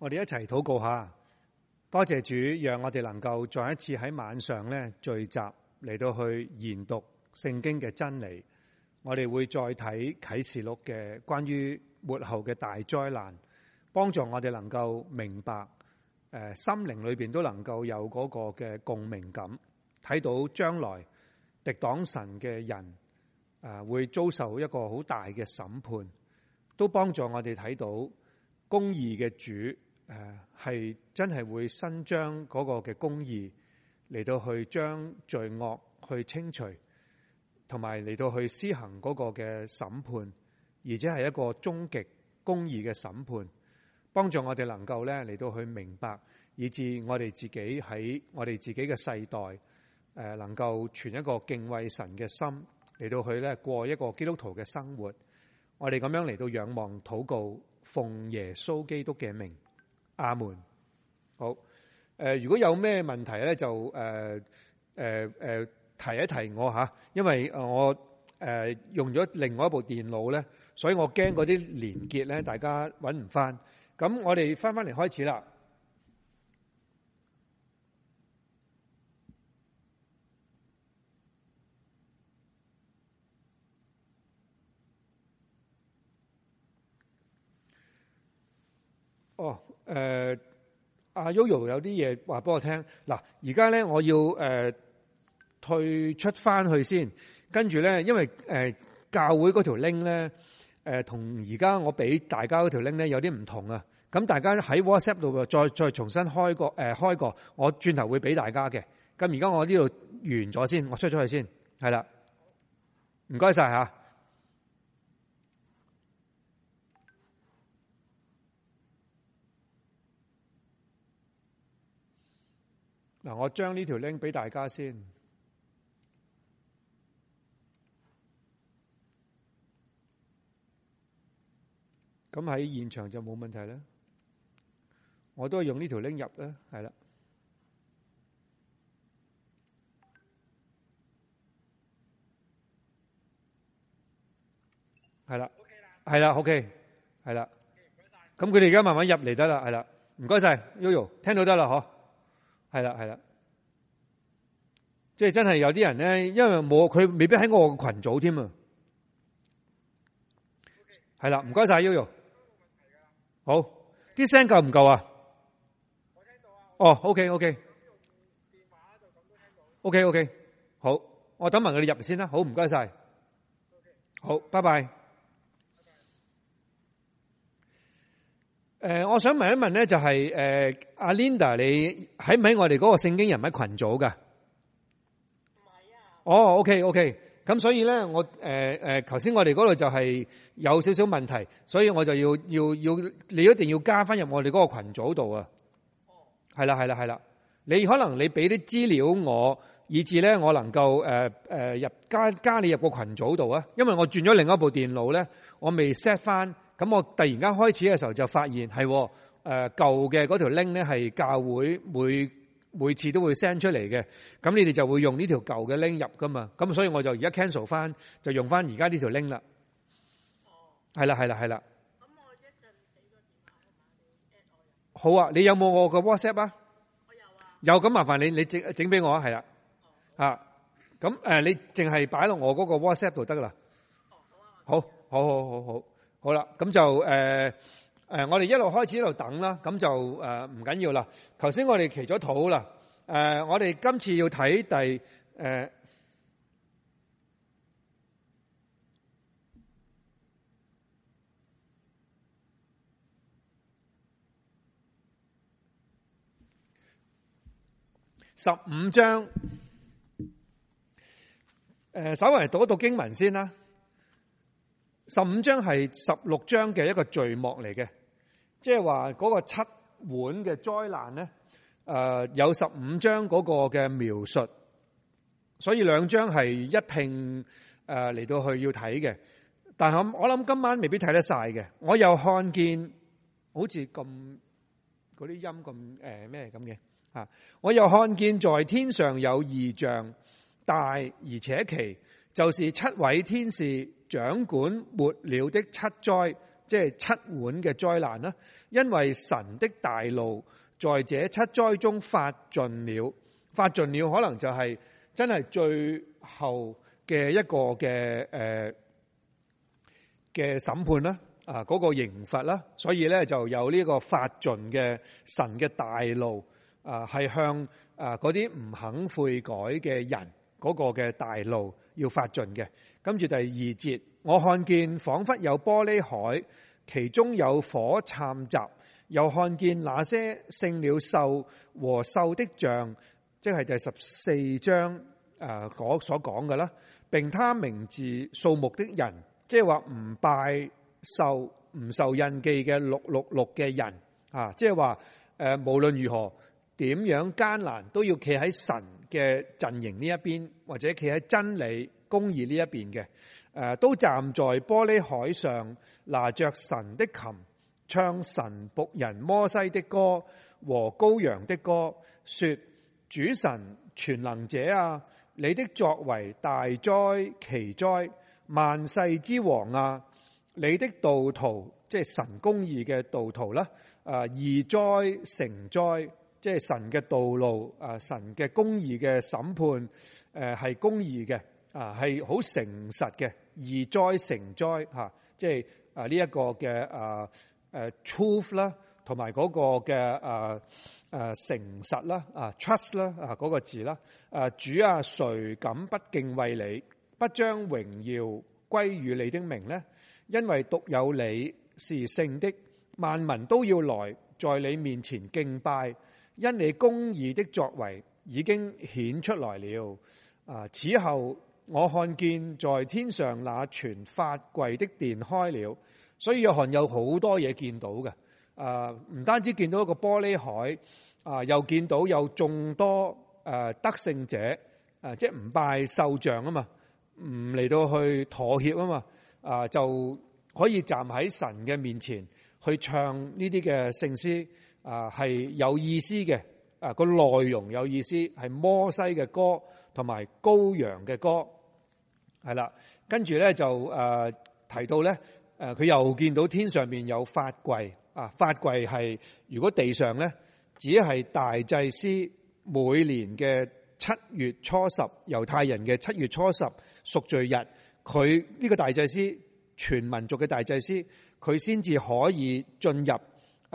我哋一齊禱告下，多謝主讓我哋能夠再一次喺晚上咧聚集嚟到去研讀聖經嘅真理。我哋會再睇啟示錄嘅關於末後嘅大災難，幫助我哋能夠明白誒、呃、心靈裏邊都能夠有嗰個嘅共鳴感，睇到將來敵擋神嘅人誒、呃、會遭受一個好大嘅審判，都幫助我哋睇到公義嘅主。誒、啊，係真係會伸張嗰個嘅公義嚟到去將罪惡去清除，同埋嚟到去施行嗰個嘅審判，而且係一個終極公義嘅審判，幫助我哋能夠咧嚟到去明白，以致我哋自己喺我哋自己嘅世代誒、啊，能夠存一個敬畏神嘅心嚟到去咧過一個基督徒嘅生活。我哋咁樣嚟到仰望禱告，奉耶穌基督嘅名。阿門，好誒、呃，如果有咩問題咧，就誒誒誒提一提我吓，因為誒我誒、呃、用咗另外一部電腦咧，所以我驚嗰啲連結咧，大家揾唔翻。咁我哋翻翻嚟開始啦。誒、呃，阿 Yoyo 有啲嘢話俾我聽。嗱，而家咧我要誒退出翻去先，跟住咧，因為誒、呃、教會嗰條 link 咧，誒、呃、同而家我俾大家嗰條 link 咧有啲唔同啊。咁大家喺 WhatsApp 度再再重新開個誒、呃、開個，我轉頭會俾大家嘅。咁而家我呢度完咗先，我出咗去先，係啦，唔該晒嚇。嗱，我將呢條 link 俾大家先，咁喺現場就冇問題啦。我都係用呢條 link 入啦，係啦，係啦，係啦，OK，係啦。咁佢哋而家慢慢入嚟得啦，係啦。唔該晒，Yoyo，聽到得啦，嗬。係啦，係啦，即係真係有啲人咧，因為冇佢未必喺我嘅群組添啊。係啦，唔該晒，Yoyo，好，啲聲夠唔夠啊？我聽到啊。哦，OK，OK，OK，OK，好，我等埋佢哋入嚟先啦。好，唔該晒，好，拜拜。誒、呃，我想問一問咧，就係、是、誒，阿、呃、Linda，你喺唔喺我哋嗰個聖經人物群組噶唔係啊。哦，OK，OK，咁所以咧，我誒誒，頭、呃、先、呃、我哋嗰度就係有少少問題，所以我就要要要，你一定要加翻入我哋嗰個群組度啊。哦、oh.。係啦，係啦，係啦。你可能你俾啲資料我，以至咧我能夠誒誒入加加你入個群組度啊。因為我轉咗另一部電腦咧，我未 set 翻。咁我突然間開始嘅時候，就發現係誒舊嘅嗰條 link 咧係教會每每次都會 send 出嚟嘅，咁你哋就會用呢條舊嘅 link 入噶嘛，咁所以我就而家 cancel 翻，就用翻而家呢條 link 啦。係啦，係啦，係啦。咁我一陣俾個電話，好啊，你有冇我個 WhatsApp 啊？我有啊，有，咁麻煩你你整整俾我啊，係啦，啊，咁誒你淨係擺落我嗰個 WhatsApp 度得噶啦。好，好好好好。好啦，咁就誒誒，我哋一路開始一路等啦，咁就誒唔緊要啦。頭先我哋祈咗禱啦，誒，我哋今次要睇第誒十五章，誒，稍微讀一讀經文先啦。十五章係十六章嘅一個序幕嚟嘅，即係話嗰個七碗嘅災難咧，誒有十五章嗰個嘅描述，所以兩章係一併誒嚟到去要睇嘅。但係我我諗今晚未必睇得晒嘅。我又看見好似咁嗰啲音咁誒咩咁嘅啊！我又看見在天上有異象，大而且奇，就是七位天使。掌管末了的七災，即係七碗嘅災難啦。因為神的大怒在這七災中發盡了，發盡了可能就係真係最後嘅一個嘅誒嘅審判啦。啊，嗰個刑罰啦，所以咧就有呢個發盡嘅神嘅大怒啊，係向啊嗰啲唔肯悔改嘅人嗰、嗰個嘅大怒要發盡嘅。跟住第二節，我看見仿佛有玻璃海，其中有火參雜，又看見那些勝了獸和獸的像，即係第十四章誒、呃、所講嘅啦，並他名字數目的人，即係話唔拜獸唔受印記嘅六六六嘅人啊，即係話誒無論如何點樣艱難，都要企喺神嘅陣營呢一邊，或者企喺真理。公義呢一邊嘅，誒，都站在玻璃海上，拿着神的琴，唱神僕人摩西的歌和羔羊的歌，說主神全能者啊，你的作為大哉奇哉，萬世之王啊，你的道途即係神公義嘅道途啦，啊，義哉誠哉，即係神嘅道路，啊，神嘅公義嘅審判，誒，係公義嘅。是很災災啊，係好、啊這個啊啊、誠實嘅，而哉成哉。吓，即係啊呢一個嘅啊誒 truth 啦，同埋嗰個嘅啊誒誠實啦，啊 trust 啦啊嗰、那個字啦，誒、啊、主啊，誰敢不敬畏你？不將榮耀歸於你的名呢？因為獨有你是聖的，萬民都要來在你面前敬拜，因你公義的作為已經顯出來了。啊，此後。我看見在天上那存法櫃的殿開了，所以約翰有好多嘢見到嘅。啊，唔單止見到一個玻璃海，啊，又見到有眾多誒得勝者，誒，即係唔拜獸像啊嘛，唔嚟到去妥協啊嘛，啊，就可以站喺神嘅面前去唱呢啲嘅聖詩啊，係有意思嘅，啊，個內容有意思，係摩西嘅歌同埋羔羊嘅歌。係啦，跟住咧就誒、呃、提到咧，誒、呃、佢又見到天上面有法櫃啊，法櫃係如果地上咧只係大祭司每年嘅七月初十，猶太人嘅七月初十贖罪日，佢呢、這個大祭司全民族嘅大祭司，佢先至可以進入誒嗰、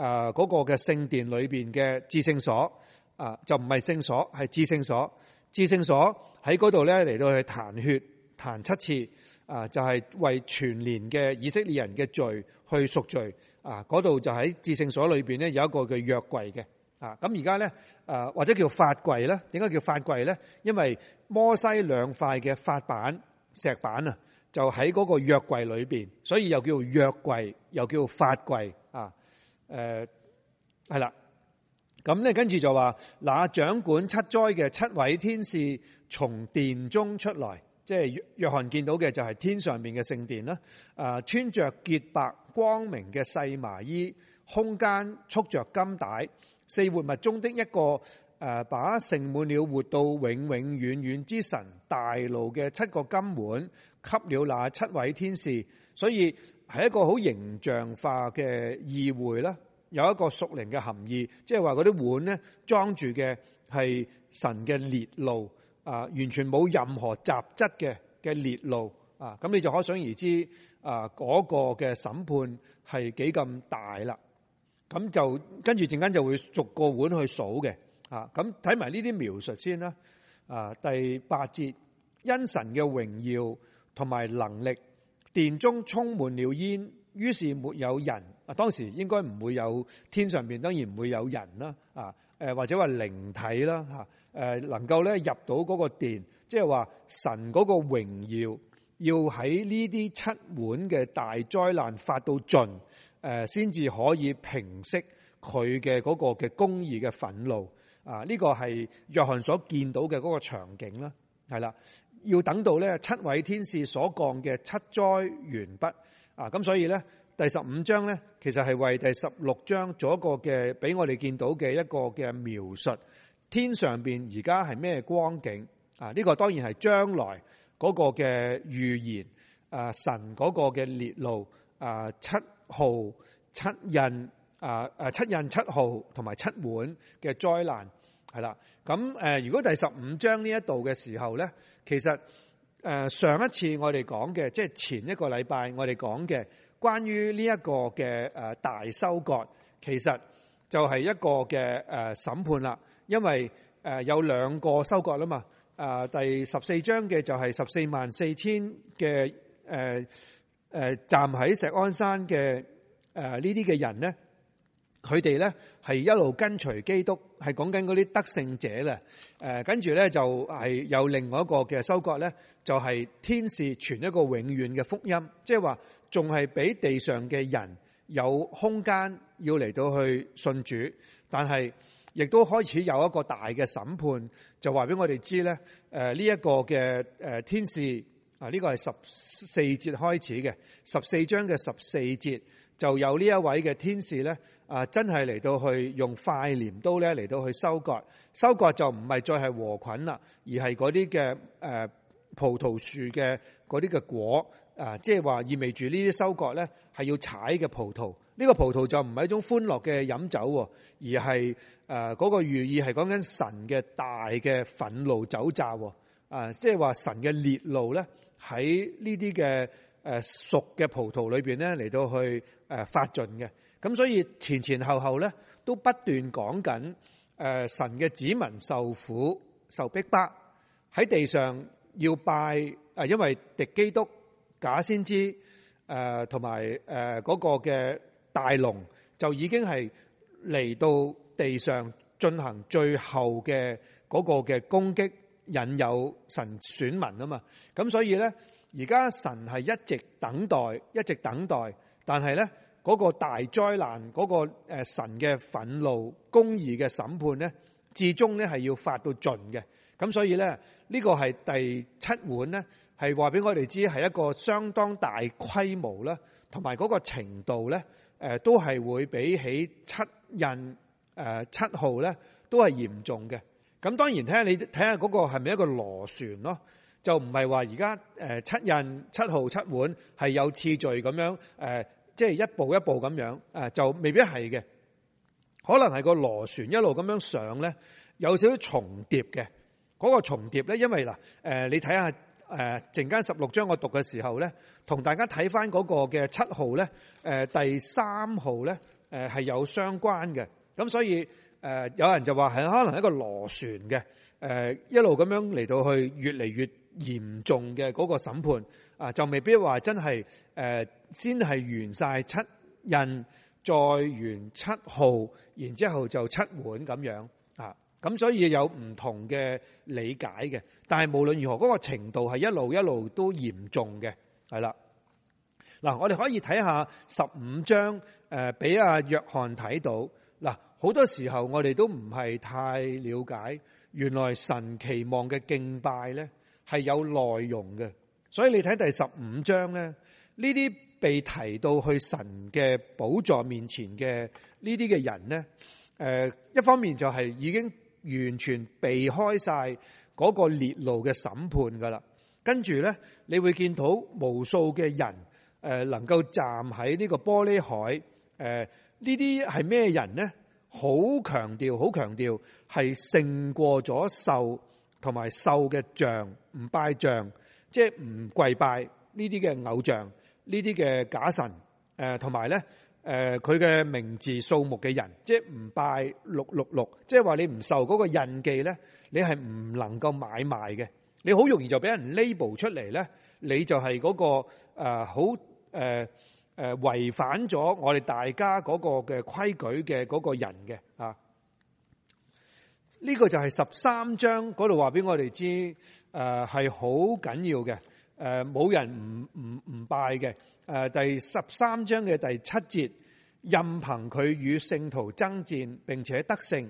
啊那個嘅聖殿裏邊嘅至聖所啊，就唔係聖所，係至聖所，至聖所喺嗰度咧，嚟到去彈血。彈七次啊！就係、是、為全年嘅以色列人嘅罪去贖罪啊！嗰度就喺至聖所裏邊咧，有一個叫約櫃嘅啊。咁而家咧誒，或者叫法櫃咧，點解叫法櫃咧？因為摩西兩塊嘅法板石板啊，就喺嗰個約櫃裏邊，所以又叫約櫃，又叫法櫃啊。誒、嗯，係啦。咁咧，跟住就話，嗱，掌管七災嘅七位天使從殿中出來。即係約約翰見到嘅就係天上面嘅聖殿啦。誒、啊、穿着潔白光明嘅細麻衣，胸間束着金帶，四活物中的一個，誒、啊、把盛滿了活到永永遠遠之神大怒嘅七個金碗，給了那七位天使。所以係一個好形象化嘅議會啦。有一個屬靈嘅含義，即係話嗰啲碗咧裝住嘅係神嘅烈怒。啊！完全冇任何雜質嘅嘅列路啊！咁你就可想而知啊嗰個嘅審判係幾咁大啦！咁就跟住陣間就會逐個碗去數嘅啊！咁睇埋呢啲描述先啦啊！第八節，因神嘅榮耀同埋能力，殿中充滿了煙，於是沒有人啊！當時應該唔會有天上邊當然唔會有人啦啊！誒或者話靈體啦嚇誒，能夠咧入到嗰個殿，即係話神嗰個榮耀，要喺呢啲七碗嘅大災難發到盡，誒、呃，先至可以平息佢嘅嗰個嘅公義嘅憤怒。啊，呢個係約翰所見到嘅嗰個場景啦，係啦，要等到咧七位天使所降嘅七災完畢，啊，咁所以咧第十五章咧，其實係為第十六章做一個嘅俾我哋見到嘅一個嘅描述。天上邊而家係咩光景啊？呢、這個當然係將來嗰個嘅預言，誒、啊，神嗰個嘅烈怒、誒、啊，七號、七印，誒、啊、誒，七印七號同埋七碗嘅災難係啦。咁誒、啊，如果第十五章呢一度嘅時候咧，其實誒、啊、上一次我哋講嘅，即、就、係、是、前一個禮拜我哋講嘅關於呢一個嘅誒大收割，其實就係一個嘅誒、啊、審判啦。因為誒有兩個收割啦嘛，啊第十四章嘅就係十四萬四千嘅誒誒站喺錫安山嘅誒、呃、呢啲嘅人咧，佢哋咧係一路跟隨基督，係講緊嗰啲得勝者啦。誒跟住咧就係、是、有另外一個嘅收割咧，就係、是、天使傳一個永遠嘅福音，即係話仲係俾地上嘅人有空間要嚟到去信主，但係。亦都開始有一個大嘅審判就，就話俾我哋知咧。呢、這、一個嘅、呃、天使啊，呢、呃這個係十四節開始嘅十四章嘅十四節，就有呢一位嘅天使咧啊、呃，真係嚟到去用快鐮刀咧嚟到去收割。收割就唔係再係禾捆啦，而係嗰啲嘅葡萄樹嘅嗰啲嘅果啊、呃，即係話意味住呢啲收割咧係要踩嘅葡萄。呢、這個葡萄就唔係一種歡樂嘅飲酒喎，而係誒嗰個寓意係講緊神嘅大嘅憤怒酒醡喎，啊、呃，即係話神嘅烈怒咧喺呢啲嘅誒熟嘅葡萄裏邊咧嚟到去誒、呃、發盡嘅，咁所以前前後後咧都不斷講緊誒神嘅子民受苦受逼迫喺地上要拜誒、呃，因為敵基督假先知誒同埋誒嗰個嘅。大龍就已經係嚟到地上進行最後嘅嗰個嘅攻擊，引誘神選民啊嘛。咁所以呢，而家神係一直等待，一直等待。但係呢，嗰個大災難，嗰個誒神嘅憤怒、公義嘅審判呢，至終呢係要發到盡嘅。咁所以呢，呢個係第七碗呢，係話俾我哋知係一個相當大規模啦，同埋嗰個程度呢。誒都係會比起七印誒七號咧，都係嚴重嘅。咁當然睇下，你睇下嗰個係咪一個螺旋咯，就唔係話而家誒七印七號七碗係有次序咁樣即係、呃即係、一步一步咁樣、呃、就未必係嘅。可能係個螺旋一路咁樣上咧，有少少重疊嘅。嗰、嗰個重疊咧，因為嗱誒、呃，你睇下。誒陣間十六章我讀嘅時候咧，同大家睇翻嗰個嘅七號咧，誒、呃、第三號咧，誒、呃、係有相關嘅。咁所以誒、呃、有人就話係可能係一個螺旋嘅，誒、呃、一路咁樣嚟到去越嚟越嚴重嘅嗰個審判啊、呃，就未必話真係誒、呃、先係完晒七印，再完七號，然之後就七碗咁樣啊。咁所以有唔同嘅理解嘅。但係無論如何，嗰、那個程度係一路一路都嚴重嘅，係啦。嗱，我哋可以睇下十五章，誒、呃，俾阿、啊、約翰睇到。嗱、呃，好多時候我哋都唔係太了解，原來神期望嘅敬拜咧係有內容嘅。所以你睇第十五章咧，呢啲被提到去神嘅寶座面前嘅呢啲嘅人咧，誒、呃，一方面就係已經完全避開晒。嗰、那個烈怒嘅審判噶啦，跟住咧，你會見到無數嘅人、呃，誒能夠站喺呢個玻璃海、呃，誒呢啲係咩人咧？好強調，好強調，係勝過咗獸同埋獸嘅像，唔拜像，即係唔跪拜呢啲嘅偶像，呢啲嘅假神，誒同埋咧，誒佢嘅名字數目嘅人，即係唔拜六六六，即係話你唔受嗰個印記咧。你係唔能夠買賣嘅，你好容易就俾人 label 出嚟咧，你就係嗰個誒好誒誒違反咗我哋大家嗰個嘅規矩嘅嗰個人嘅啊！呢個就係十三章嗰度話俾我哋知誒係好緊要嘅誒，冇人唔唔唔拜嘅誒，第十三章嘅第七節，任憑佢與聖徒爭戰，並且得勝。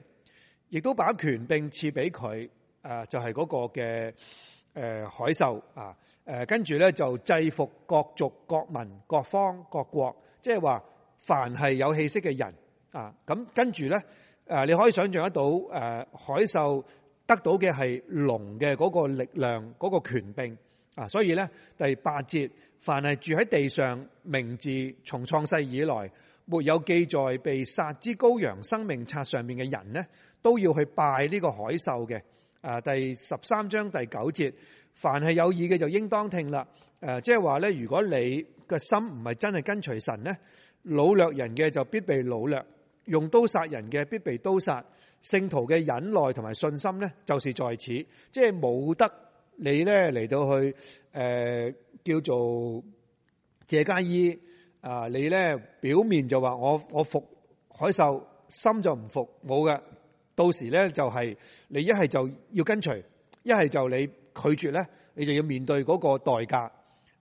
亦都把權柄賜俾佢，誒，就係嗰個嘅誒海獸啊，誒，跟住咧就制服各族各民各方各國，即係話凡係有氣息嘅人啊，咁跟住咧，誒，你可以想象得到，誒，海獸得到嘅係龍嘅嗰個力量，嗰個權柄啊，所以咧第八節，凡係住喺地上，名字從創世以來沒有記載被殺之羔羊生命冊上面嘅人呢，都要去拜呢個海獸嘅、啊、第十三章第九節，凡係有意嘅就應當聽啦、啊。即係話咧，如果你個心唔係真係跟隨神咧，老掠人嘅就必被老掠；用刀殺人嘅必被刀殺。聖徒嘅忍耐同埋信心咧，就是在此，即係冇得你咧嚟到去誒、呃、叫做謝家依啊。你咧表面就話我我服海獸心就唔服冇嘅。到時咧就係、是、你一係就要跟隨，一係就你拒絕咧，你就要面對嗰個代價。誒、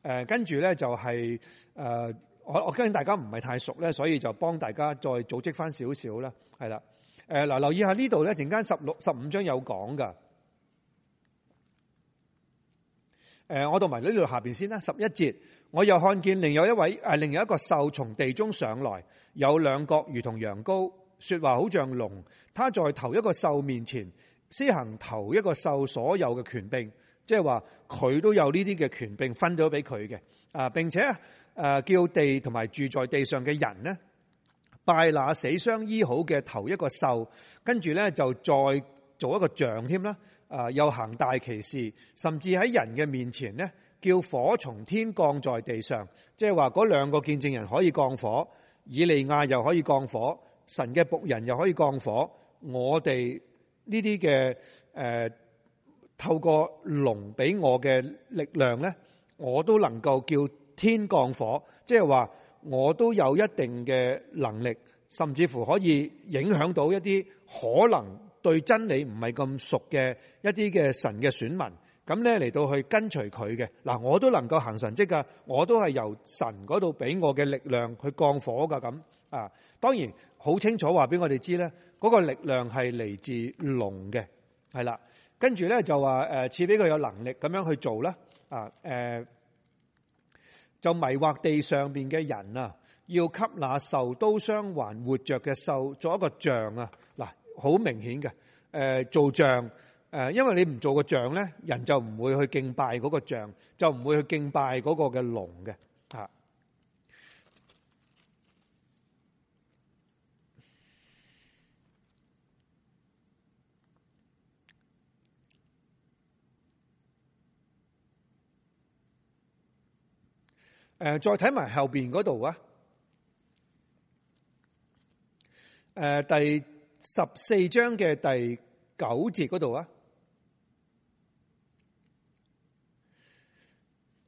呃，跟住咧就係、是、誒、呃，我我驚大家唔係太熟咧，所以就幫大家再組織翻少少啦，係啦。誒、呃，留意下呢度咧，陣間十六十五章有講噶。誒、呃，我讀埋呢度下邊先啦，十一節，我又看見另有一位誒，另有一個獸從地中上來，有兩角如同羊羔，說話好像龍，他在頭一個獸面前施行頭一個獸所有嘅權柄，即係話佢都有呢啲嘅權柄分咗俾佢嘅啊，並且誒叫地同埋住在地上嘅人呢拜那死傷醫好嘅頭一個獸，跟住呢就再做一個像添啦啊，又行大奇事，甚至喺人嘅面前呢，叫火從天降在地上，即係話嗰兩個見證人可以降火，以利亞又可以降火。神嘅僕人又可以降火，我哋呢啲嘅，誒透過龍俾我嘅力量咧，我都能夠叫天降火，即係話我都有一定嘅能力，甚至乎可以影響到一啲可能對真理唔係咁熟嘅一啲嘅神嘅選民，咁咧嚟到去跟隨佢嘅，嗱，我都能夠行神跡噶，我都係由神嗰度俾我嘅力量去降火噶咁啊，當然。好清楚，話俾我哋知呢，嗰個力量係來自龍嘅。係啦，跟住呢，就話，賜俾佢有能力，咁樣去做啦，就迷惑地上面嘅人，要給那受刀傷還活着嘅獸，做一個像。嗱，好明顯嘅，做像，因為你唔做個像呢，人就唔會去敬拜嗰個像，就唔會去敬拜嗰個嘅龍嘅。誒，再睇埋後邊嗰度啊！誒，第十四章嘅第九節嗰度啊，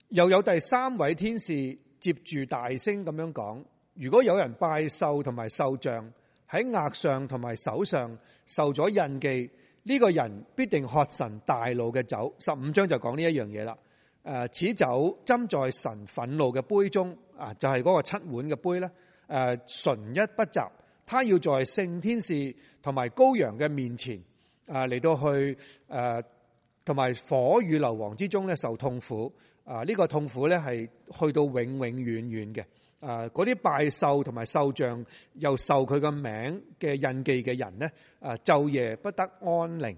又有第三位天使接住大聲咁樣講：如果有人拜獸同埋獸像喺額上同埋手上受咗印記，呢、這個人必定喝神大怒嘅酒。十五章就講呢一樣嘢啦。誒，此酒斟在神憤怒嘅杯中，啊，就係、是、個七碗嘅杯咧。誒，純一不雜，他要在聖天使同埋羔羊嘅面前，啊，嚟到去誒同埋火與硫磺之中咧受痛苦。啊，呢個痛苦咧係去到永永遠遠嘅。啊、呃，啲拜獸同埋獸像又受佢嘅名嘅印記嘅人咧，啊、呃，晝夜不得安寧。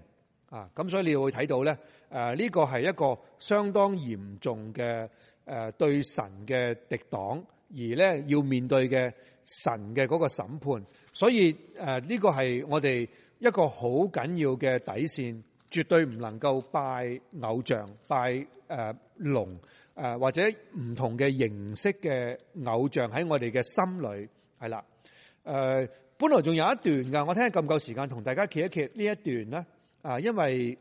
啊，咁所以你會睇到咧，誒、呃、呢、這個係一個相當嚴重嘅誒、呃、對神嘅敵黨，而咧要面對嘅神嘅嗰個審判，所以誒呢、呃這個係我哋一個好緊要嘅底線，絕對唔能夠拜偶像、拜誒龍、呃呃、或者唔同嘅形式嘅偶像喺我哋嘅心裏係啦。誒、呃、本來仲有一段㗎，我聽咁夠時間同大家揭一揭呢一段咧。啊，因為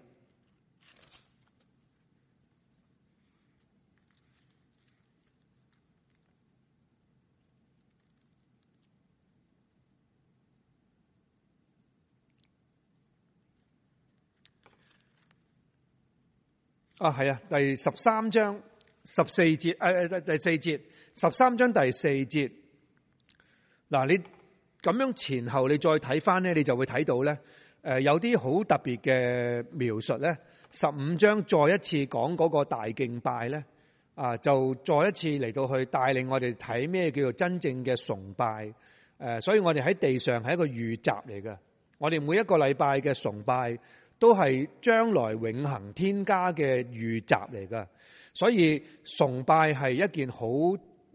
啊，係啊，第十三章十四節，誒誒、哎，第四節十三章第四節，嗱、啊，你咁樣前後你再睇返咧，你就會睇到咧。誒，有啲好特別嘅描述咧，十五章再一次講嗰個大敬拜咧，啊，就再一次嚟到去帶領我哋睇咩叫做真正嘅崇拜。誒，所以我哋喺地上係一個預習嚟嘅，我哋每一個禮拜嘅崇拜都係將來永恆添加嘅預習嚟噶。所以崇拜係一件好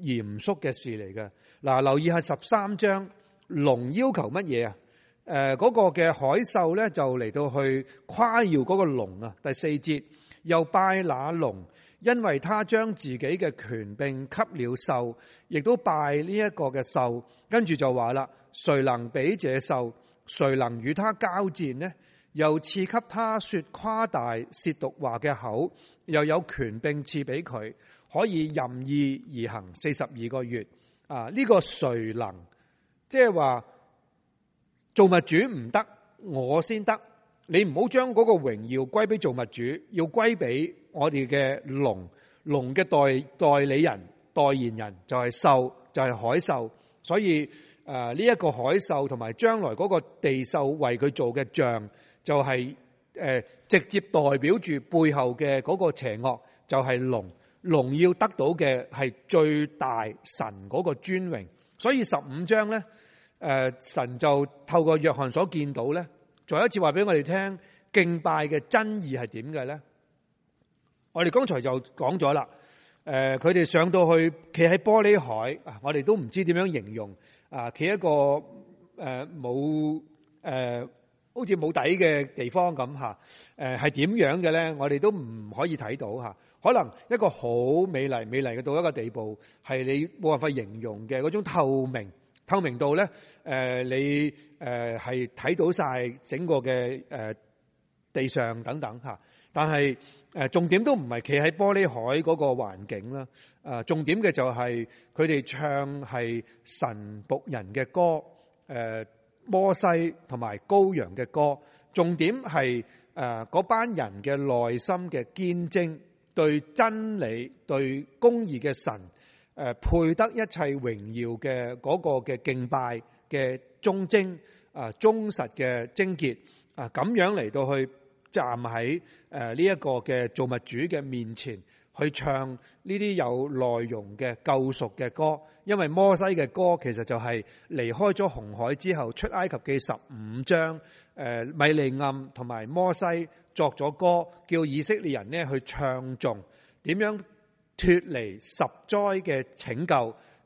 嚴肅嘅事嚟嘅。嗱，留意下十三章，龍要求乜嘢啊？誒，嗰個嘅海獸咧，就嚟到去誇耀嗰個龍啊，第四節又拜那龍，因為他將自己嘅權柄給了獸，亦都拜呢一個嘅獸，跟住就話啦，誰能比這獸，誰能與他交戰呢？又賜給他說誇大褻瀆話嘅口，又有權柄賜俾佢，可以任意而行四十二個月。啊，呢、這個誰能，即係話？做造物主唔得，我先得。你唔好將嗰個榮耀歸俾做造物主，要歸俾我哋嘅龍。龍嘅代代理人、代言人就係獸，就係、是、海獸。所以誒呢一個海獸同埋將來嗰個地獸為佢做嘅像、就是，就係誒直接代表住背後嘅嗰個邪惡，就係龍。龍要得到嘅係最大神嗰個尊榮。所以十五章咧。誒、呃，神就透過約翰所見到咧，再一次話俾我哋聽敬拜嘅真義係點嘅咧。我哋剛才就講咗啦，誒、呃，佢哋上到去企喺玻璃海，我哋都唔知點樣形容啊，企一個誒冇誒，好似冇底嘅地方咁吓，誒係點樣嘅咧？我哋都唔可以睇到吓、啊，可能一個好美麗美麗嘅到一個地步，係你冇辦法形容嘅嗰種透明。透明度咧，誒，你誒係睇到晒整個嘅誒地上等等吓，但係誒重點都唔係企喺玻璃海嗰個環境啦，誒，重點嘅就係佢哋唱係神僕人嘅歌，誒，摩西同埋羔羊嘅歌，重點係誒嗰班人嘅內心嘅見證，對真理、對公義嘅神。配得一切榮耀嘅嗰個嘅敬拜嘅忠貞啊忠實嘅貞潔啊咁樣嚟到去站喺誒呢一個嘅造物主嘅面前去唱呢啲有內容嘅救贖嘅歌，因為摩西嘅歌其實就係離開咗紅海之後出埃及記十五章誒米利暗同埋摩西作咗歌，叫以色列人咧去唱誦點樣。脫離十災嘅拯救，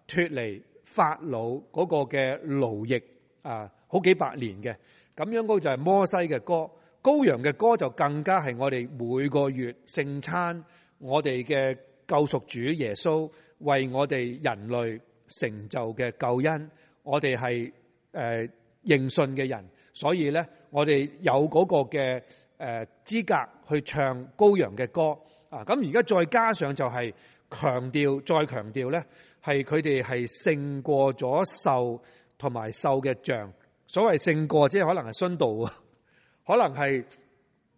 脫離法老嗰個嘅奴役啊，好幾百年嘅咁樣嗰個就係摩西嘅歌，羔羊嘅歌就更加係我哋每個月聖餐我哋嘅救贖主耶穌為我哋人類成就嘅救恩，我哋係誒認信嘅人，所以咧我哋有嗰個嘅誒資格去唱羔羊嘅歌。啊！咁而家再加上就係強調，再強調咧，係佢哋係勝過咗獸同埋獸嘅像。所謂勝過，即係可能係殉道，可能係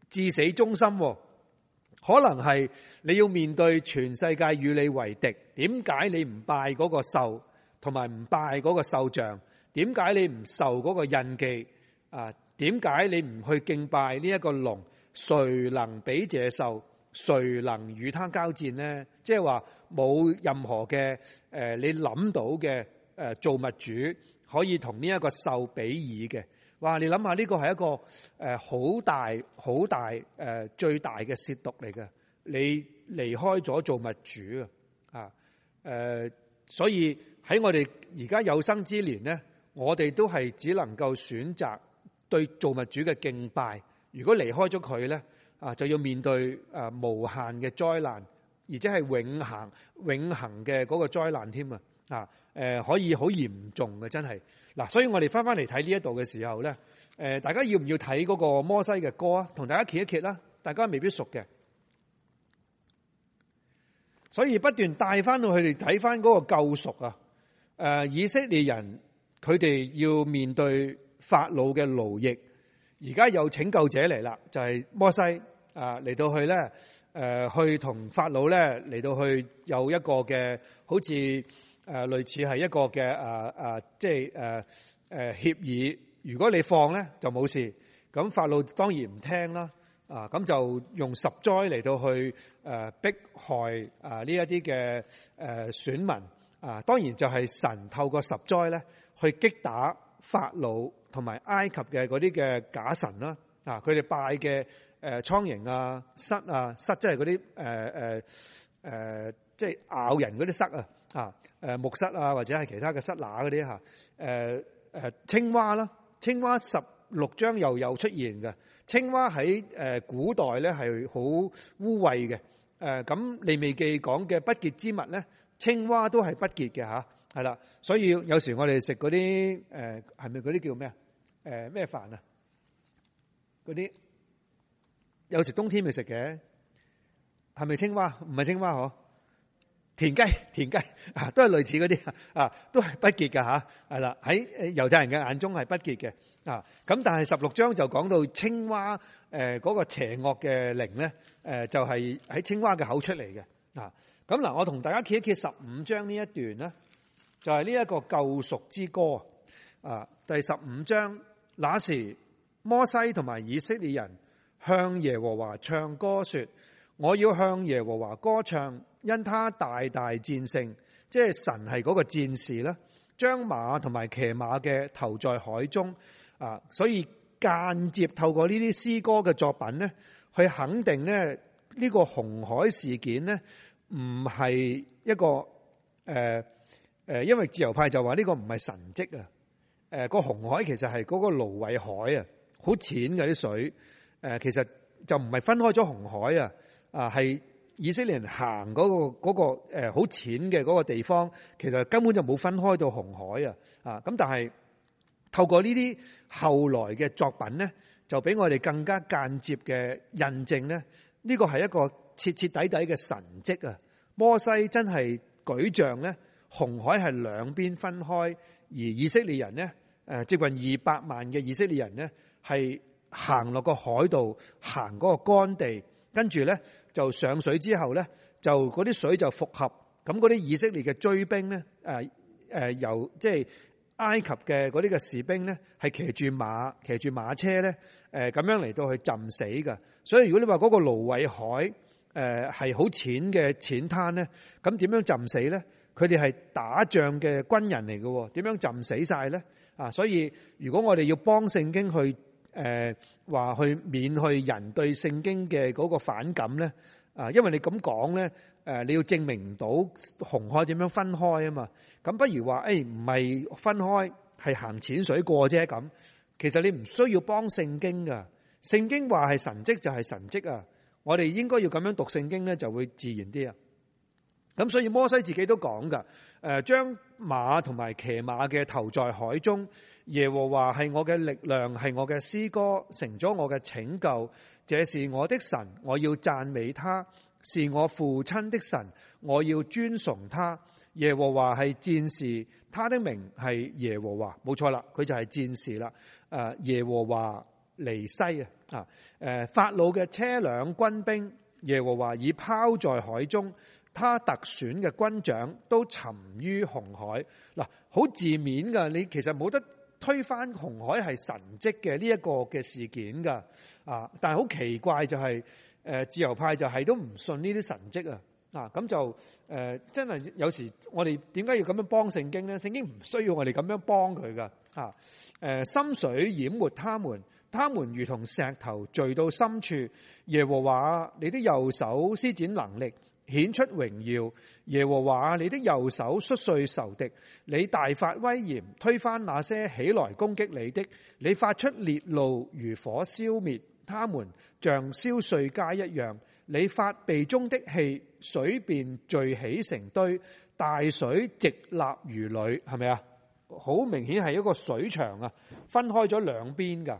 至死忠心，可能係你要面對全世界與你為敵。點解你唔拜嗰個獸同埋唔拜嗰個獸像？點解你唔受嗰個印記？啊！點解你唔去敬拜呢一個龍？誰能比這獸？誰能與他交戰呢？即係話冇任何嘅誒、呃，你諗到嘅誒、呃、造物主可以同呢一個受比擬嘅哇！你諗下呢個係一個誒好、呃、大好大誒最大嘅褻瀆嚟嘅，你離開咗造物主啊誒、呃，所以喺我哋而家有生之年呢，我哋都係只能夠選擇對造物主嘅敬拜。如果離開咗佢咧，啊，就要面對誒無限嘅災難，而且係永恆、永恆嘅嗰個災難添啊！啊、呃，誒可以好嚴重嘅，真係嗱，所以我哋翻翻嚟睇呢一度嘅時候咧，誒、呃、大家要唔要睇嗰個摩西嘅歌啊？同大家揭一揭啦，大家未必熟嘅，所以不斷帶翻到佢哋睇翻嗰個救贖啊！誒、呃、以色列人佢哋要面對法老嘅奴役。而家有拯救者嚟啦，就係摩西啊，嚟到去咧，誒去同法老咧，嚟到去有一個嘅，好似誒類似係一個嘅誒誒，即係誒誒協議。如果你放咧就冇事，咁法老當然唔聽啦，啊咁就用十災嚟到去誒迫害啊呢一啲嘅誒選民啊，當然就係神透過十災咧去擊打。法老同埋埃及嘅嗰啲嘅假神啦、啊，啊，佢哋拜嘅誒、呃、蒼蠅啊、虱啊、虱，即係嗰啲誒誒誒，即、呃、係、呃就是、咬人嗰啲虱啊，嚇、啊、誒、啊、木虱啊，或者係其他嘅虱乸嗰啲嚇，誒、啊、誒、啊、青蛙啦、啊，青蛙十六章又又出現嘅，青蛙喺誒、呃、古代咧係好污穢嘅，誒咁利未記講嘅不潔之物咧，青蛙都係不潔嘅嚇。啊。係啦，所以，有時我哋食嗰啲，呃、就係呢一個救贖之歌啊！第十五章，那時摩西同埋以色列人向耶和華唱歌說：我要向耶和華歌唱，因他大大戰勝，即係神係嗰個戰士啦。將馬同埋騎馬嘅投在海中啊！所以間接透過呢啲詩歌嘅作品咧，去肯定咧呢個紅海事件咧，唔係一個誒。呃誒，因為自由派就話呢個唔係神蹟啊！誒，個紅海其實係嗰個蘆葦海啊，好淺嘅啲水。誒，其實就唔係分開咗紅海啊，啊，係以色列人行嗰、嗰個、嗰個誒好淺嘅嗰個地方，其實根本就冇分開到紅海啊！啊，咁但係透過呢啲後來嘅作品咧，就俾我哋更加間接嘅印證咧，呢、呢個係一個徹徹底底嘅神蹟啊！摩西真係舉杖咧。紅海係兩邊分開，而以色列人呢，誒接近二百萬嘅以色列人呢，係行落個海度，行嗰個乾地，跟住呢，就上水之後呢，就嗰啲水就復合，咁嗰啲以色列嘅追兵呢，誒、呃呃、由即係埃及嘅嗰啲嘅士兵呢，係騎住馬、騎住馬車呢，誒、呃、咁樣嚟到去浸死㗎。所以如果你話嗰個蘆葦海誒係好淺嘅淺灘呢，咁點樣浸死呢？佢哋係打仗嘅軍人嚟嘅，點樣浸死晒咧？啊，所以如果我哋要幫聖經去誒，話去免去人對聖經嘅嗰個反感咧，啊，因為你咁講咧，誒，你要證明唔到紅海點樣分開啊嘛？咁不如話，誒，唔係分開，係行淺水過啫咁。其實你唔需要幫聖經噶，聖經話係神蹟就係神蹟啊！我哋應該要咁樣讀聖經咧，就會自然啲啊。咁所以摩西自己都講㗎誒，將馬同埋騎馬嘅投在海中。耶和華係我嘅力量，係我嘅詩歌，成咗我嘅拯救。這是我的神，我要讚美他；是我父親的神，我要尊崇他。耶和華係戰士，他的名係耶和華，冇錯啦，佢就係戰士啦。誒，耶和華離西啊啊誒，法老嘅車輛、軍兵，耶和華已拋在海中。他特選嘅軍長都沉於紅海嗱，好字面噶。你其實冇得推翻紅海係神蹟嘅呢一個嘅事件噶啊。但係好奇怪就係、是、誒，自由派就係都唔信呢啲神蹟啊啊。咁就誒，真係有時我哋點解要咁樣幫聖經咧？聖經唔需要我哋咁樣幫佢噶啊。誒，深水淹沒他們，他們如同石頭墜到深處。耶和華，你啲右手施展能力。顯出榮耀，耶和華你的右手摔碎仇敵，你大發威嚴，推翻那些起來攻擊你的，你發出烈怒如火消滅，消滅他們，像燒碎秸一樣。你發鼻中的氣，水便聚起成堆，大水直立如壘，係咪啊？好明顯係一個水牆啊，分開咗兩邊噶。誒、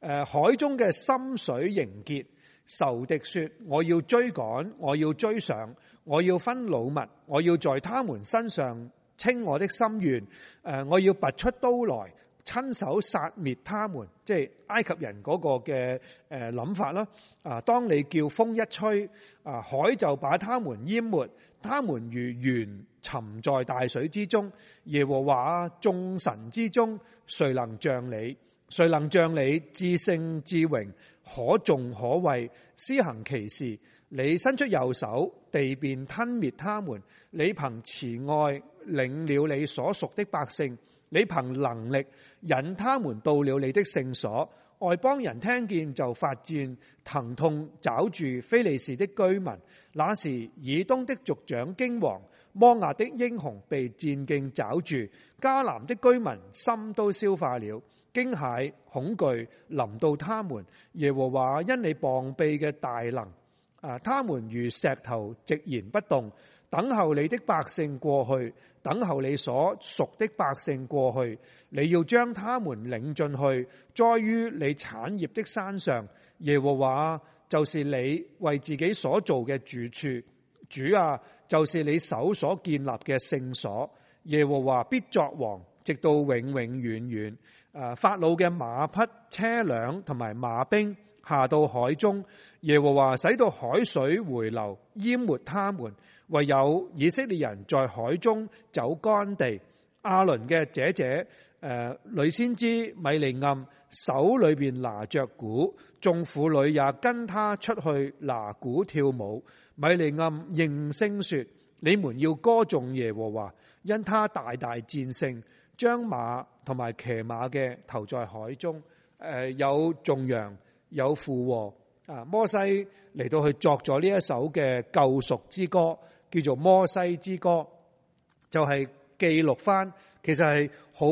呃，海中嘅深水凝結。仇敵說：我要追趕，我要追上，我要分擄物，我要在他們身上稱我的心願。誒，我要拔出刀來，親手殺滅他們。即係埃及人嗰個嘅誒諗法啦。啊，當你叫風一吹，啊，海就把他們淹沒，他們如鉛，沉在大水之中。耶和華眾神之中，誰能像你？誰能像你至聖至榮？可頌可畏，施行奇事。你伸出右手，地便吞滅他們。你憑慈愛領了你所屬的百姓，你憑能力引他們到了你的聖所。外邦人聽見就發戰，疼痛抓住非利士的居民。那時以東的族長驚惶，摩押的英雄被戰兢抓住，迦南的居民心都消化了。驚駭恐懼臨到他們，耶和華因你膀臂嘅大能啊，他們如石頭，寂然不動，等候你的百姓過去，等候你所贖的百姓過去。你要將他們領進去，栽於你產業的山上，耶和華就是你為自己所造嘅住處，主啊，就是你手所建立嘅聖所，耶和華必作王，直到永永遠遠。啊！法老嘅馬匹、車輛同埋馬兵下到海中，耶和華使到海水回流，淹沒他們。唯有以色列人在海中走乾地。亞倫嘅姐姐，誒、呃，女先知米利暗手裏邊拿着鼓，眾婦女也跟他出去拿鼓跳舞。米利暗應聲說：你們要歌頌耶和華，因他大大戰勝。將馬同埋騎馬嘅投在海中，誒有眾羊有附和啊，摩西嚟到去作咗呢一首嘅救贖之歌，叫做摩西之歌，就係、是、記錄翻，其實係好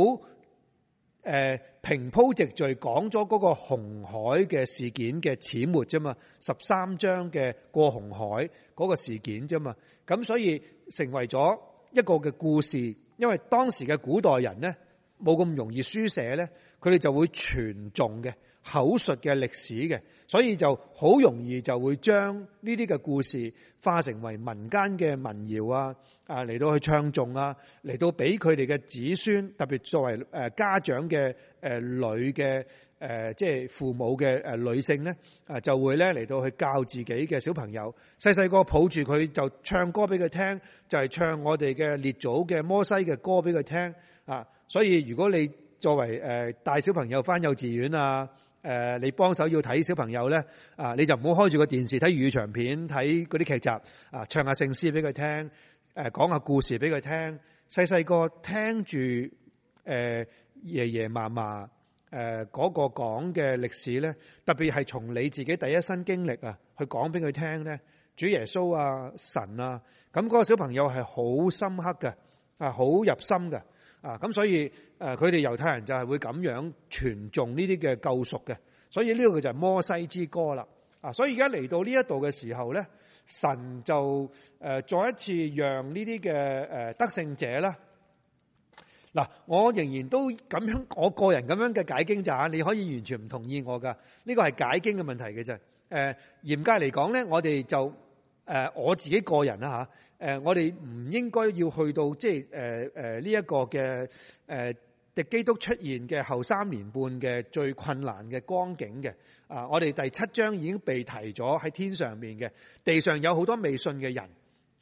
誒平鋪直敘講咗嗰個紅海嘅事件嘅始末啫嘛，十三章嘅過紅海嗰個事件啫嘛，咁所以成為咗一個嘅故事。因為當時嘅古代人咧，冇咁容易書寫咧，佢哋就會傳誦嘅口述嘅歷史嘅，所以就好容易就會將呢啲嘅故事化成為民間嘅民謠啊，啊嚟到去唱誦啊，嚟到俾佢哋嘅子孫，特別作為誒家長嘅誒、呃、女嘅。誒，即係父母嘅誒女性咧，啊，就會咧嚟到去教自己嘅小朋友，細細個抱住佢就唱歌俾佢聽，就係唱我哋嘅列祖嘅摩西嘅歌俾佢聽啊。所以如果你作為誒帶小朋友翻幼稚園啊，誒你幫手要睇小朋友咧啊，你就唔好開住個電視睇粵語長片睇嗰啲劇集啊，唱下聖詩俾佢聽，誒講下故事俾佢聽，細細個聽住誒爺爺嫲嫲。誒、呃、嗰、那個講嘅歷史咧，特別係從你自己第一身經歷啊，去講俾佢聽咧，主耶穌啊，神啊，咁、那、嗰個小朋友係好深刻嘅，啊，好入心嘅，啊，咁所以誒，佢哋猶太人就係會咁樣傳頌呢啲嘅救贖嘅，所以呢個就係摩西之歌啦，啊，所以而家嚟到呢一度嘅時候咧，神就誒、呃、再一次讓呢啲嘅誒得勝者啦。嗱，我仍然都咁樣，我個人咁樣嘅解經咋嚇？你可以完全唔同意我噶，呢個係解經嘅問題嘅啫。誒嚴格嚟講咧，我哋就誒我自己個人啦嚇。誒，我哋唔應該要去到即係呢一個嘅誒，敵基督出現嘅後三年半嘅最困難嘅光景嘅。啊，我哋第七章已經被提咗喺天上面嘅，地上有好多未信嘅人。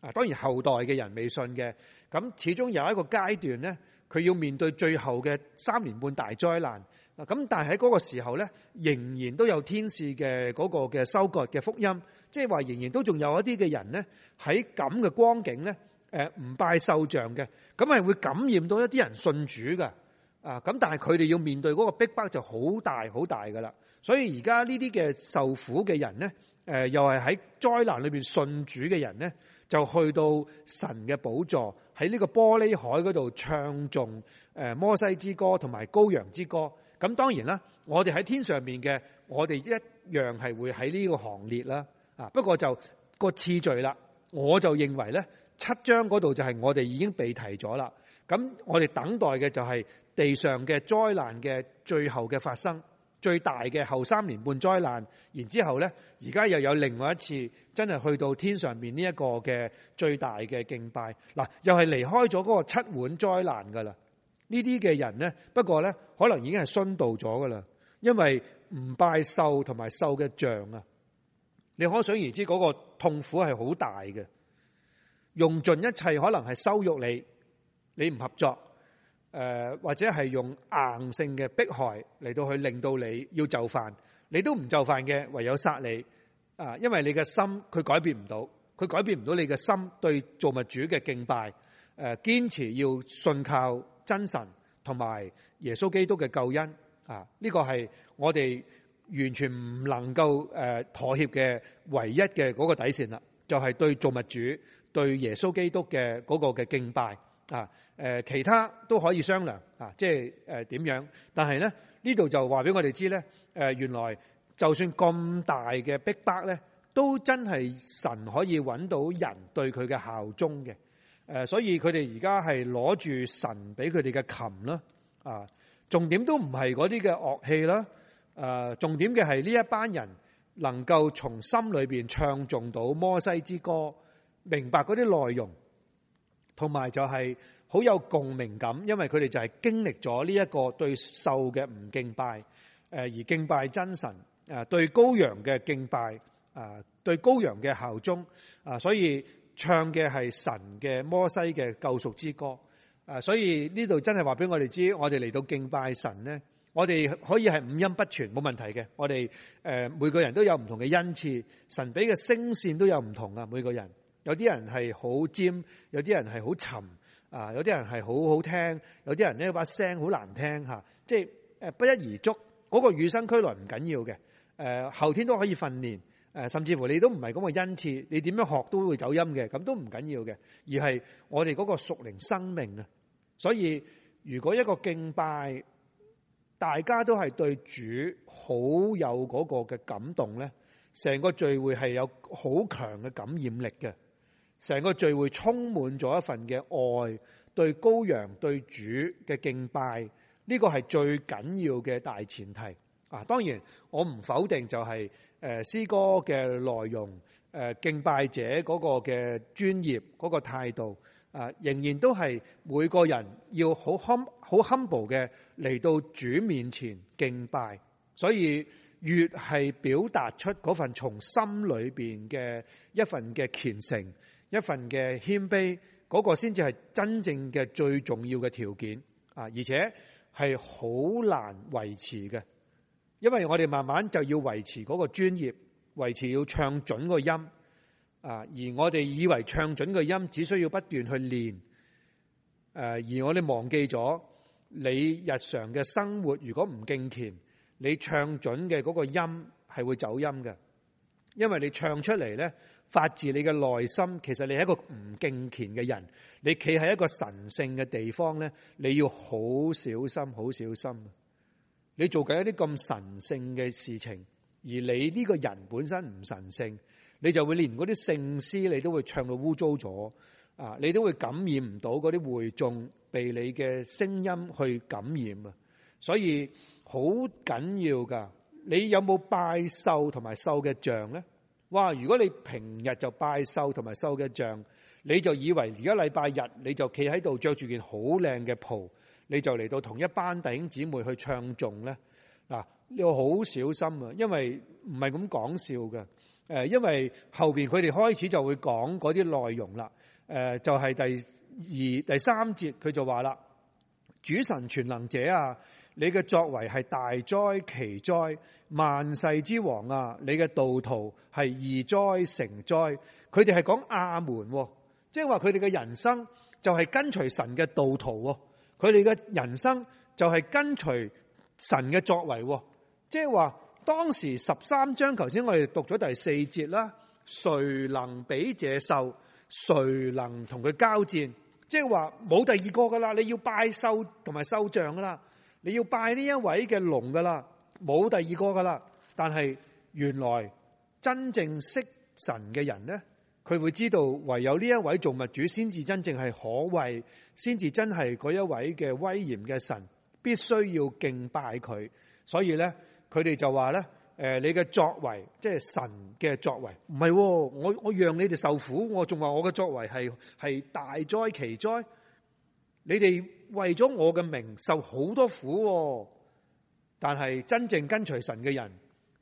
啊，當然後代嘅人未信嘅，咁始終有一個階段咧。佢要面對最後嘅三年半大災難，嗱，咁但係喺嗰個時候咧，仍然都有天使嘅嗰個嘅收割嘅福音，即係話仍然都仲有一啲嘅人咧，喺咁嘅光景咧，誒唔拜獸像嘅，咁係會感染到一啲人信主噶，啊咁但係佢哋要面對嗰個逼迫，迫就好大好大噶啦，所以而家呢啲嘅受苦嘅人咧，誒又係喺災難裏邊信主嘅人咧。就去到神嘅寶座喺呢個玻璃海嗰度唱頌誒摩西之歌同埋羔羊之歌，咁當然啦，我哋喺天上面嘅，我哋一樣係會喺呢個行列啦。啊，不過就個次序啦，我就認為呢七章嗰度就係我哋已經被提咗啦。咁我哋等待嘅就係地上嘅災難嘅最後嘅發生，最大嘅後三年半災難，然之後呢，而家又有另外一次。真係去到天上面呢一個嘅最大嘅敬拜，嗱又係離開咗嗰個七碗災難噶啦。呢啲嘅人呢，不過呢，可能已經係殉道咗噶啦，因為唔拜獸同埋獸嘅像啊。你可想而知嗰個痛苦係好大嘅，用盡一切可能係羞辱你，你唔合作，誒、呃、或者係用硬性嘅迫害嚟到去令到你要就範，你都唔就範嘅，唯有殺你。啊，因為你嘅心佢改變唔到，佢改變唔到你嘅心對造物主嘅敬拜，誒堅持要信靠真神同埋耶穌基督嘅救恩啊！呢個係我哋完全唔能夠誒妥協嘅唯一嘅嗰個底線啦，就係對造物主、對耶穌基督嘅嗰個嘅敬拜啊！誒其他都可以商量啊，即係誒點樣？但係咧呢度就話俾我哋知咧，誒原來。就算咁大嘅逼迫咧，都真係神可以揾到人對佢嘅效忠嘅。誒，所以佢哋而家係攞住神俾佢哋嘅琴啦。啊，重點都唔係嗰啲嘅樂器啦。誒，重點嘅係呢一班人能夠從心裏邊唱誦到摩西之歌，明白嗰啲內容，同埋就係好有共鳴感。因為佢哋就係經歷咗呢一個對獸嘅唔敬拜，誒而敬拜真神。誒，對羔羊嘅敬拜，誒，對羔羊嘅效忠，啊，所以唱嘅係神嘅摩西嘅救贖之歌，啊，所以呢度真係話俾我哋知，我哋嚟到敬拜神呢，我哋可以係五音不全，冇問題嘅，我哋誒，每個人都有唔同嘅恩賜，神俾嘅聲線都有唔同啊，每個人，有啲人係好尖，有啲人係好沉，啊，有啲人係好好聽，有啲人呢把聲好難聽吓，即係誒不一而足，嗰、那個與生俱來唔緊要嘅。誒、呃、後天都可以訓練，誒、呃、甚至乎你都唔係咁嘅恩賜，你點樣學都會走音嘅，咁都唔緊要嘅。而係我哋嗰個屬靈生命啊，所以如果一個敬拜大家都係對主好有嗰個嘅感動咧，成個聚會係有好強嘅感染力嘅，成個聚會充滿咗一份嘅愛，對羔羊對主嘅敬拜，呢個係最緊要嘅大前提。啊，當然我唔否定就係誒詩歌嘅內容，誒、呃、敬拜者嗰個嘅專業、嗰個態度，啊，仍然都係每個人要好 humble 好 humble 嘅嚟到主面前敬拜。所以越係表達出嗰份從心裏邊嘅一份嘅虔誠，一份嘅謙卑，嗰個先至係真正嘅最重要嘅條件啊，而且係好難維持嘅。因為我哋慢慢就要維持嗰個專業，維持要唱準個音啊！而我哋以為唱準個音只需要不斷去練，誒！而我哋忘記咗，你日常嘅生活如果唔敬虔，你唱準嘅嗰個音係會走音嘅。因為你唱出嚟呢，發自你嘅內心，其實你係一個唔敬虔嘅人，你企喺一個神聖嘅地方呢，你要好小心，好小心。你做緊一啲咁神聖嘅事情，而你呢個人本身唔神聖，你就會連嗰啲聖詩你都會唱到污糟咗啊！你都會感染唔到嗰啲會眾被你嘅聲音去感染啊！所以好緊要㗎，你有冇拜獸同埋獸嘅像咧？哇！如果你平日就拜獸同埋獸嘅像，你就以為而家禮拜日你就企喺度着住件好靚嘅袍。你就嚟到同一班弟兄姊妹去唱頌咧，嗱，要好小心啊，因為唔係咁講笑嘅。誒，因為後邊佢哋開始就會講嗰啲內容啦，誒，就係、是、第二第三節佢就話啦，主神全能者啊，你嘅作為係大哉奇哉，萬世之王啊，你嘅道途係義哉誠哉，佢哋係講阿門、啊，即係話佢哋嘅人生就係跟隨神嘅道途、啊。佢哋嘅人生就係跟隨神嘅作為，即係話當時十三章，頭先我哋讀咗第四節啦。誰能比這獸？誰能同佢交戰？即係話冇第二個噶啦，你要拜獸同埋獸像噶啦，你要拜呢一位嘅龍噶啦，冇第二個噶啦。但係原來真正識神嘅人咧，佢會知道，唯有呢一位造物主先至真正係可畏，先至真係一位嘅威嚴嘅神，必須要敬拜佢。所以咧，佢哋就話咧：誒，你嘅作為，即係神嘅作為，唔係，我我讓你哋受苦，我仲話我嘅作為係係大災其災。你哋為咗我嘅名受好多苦，但係真正跟隨神嘅人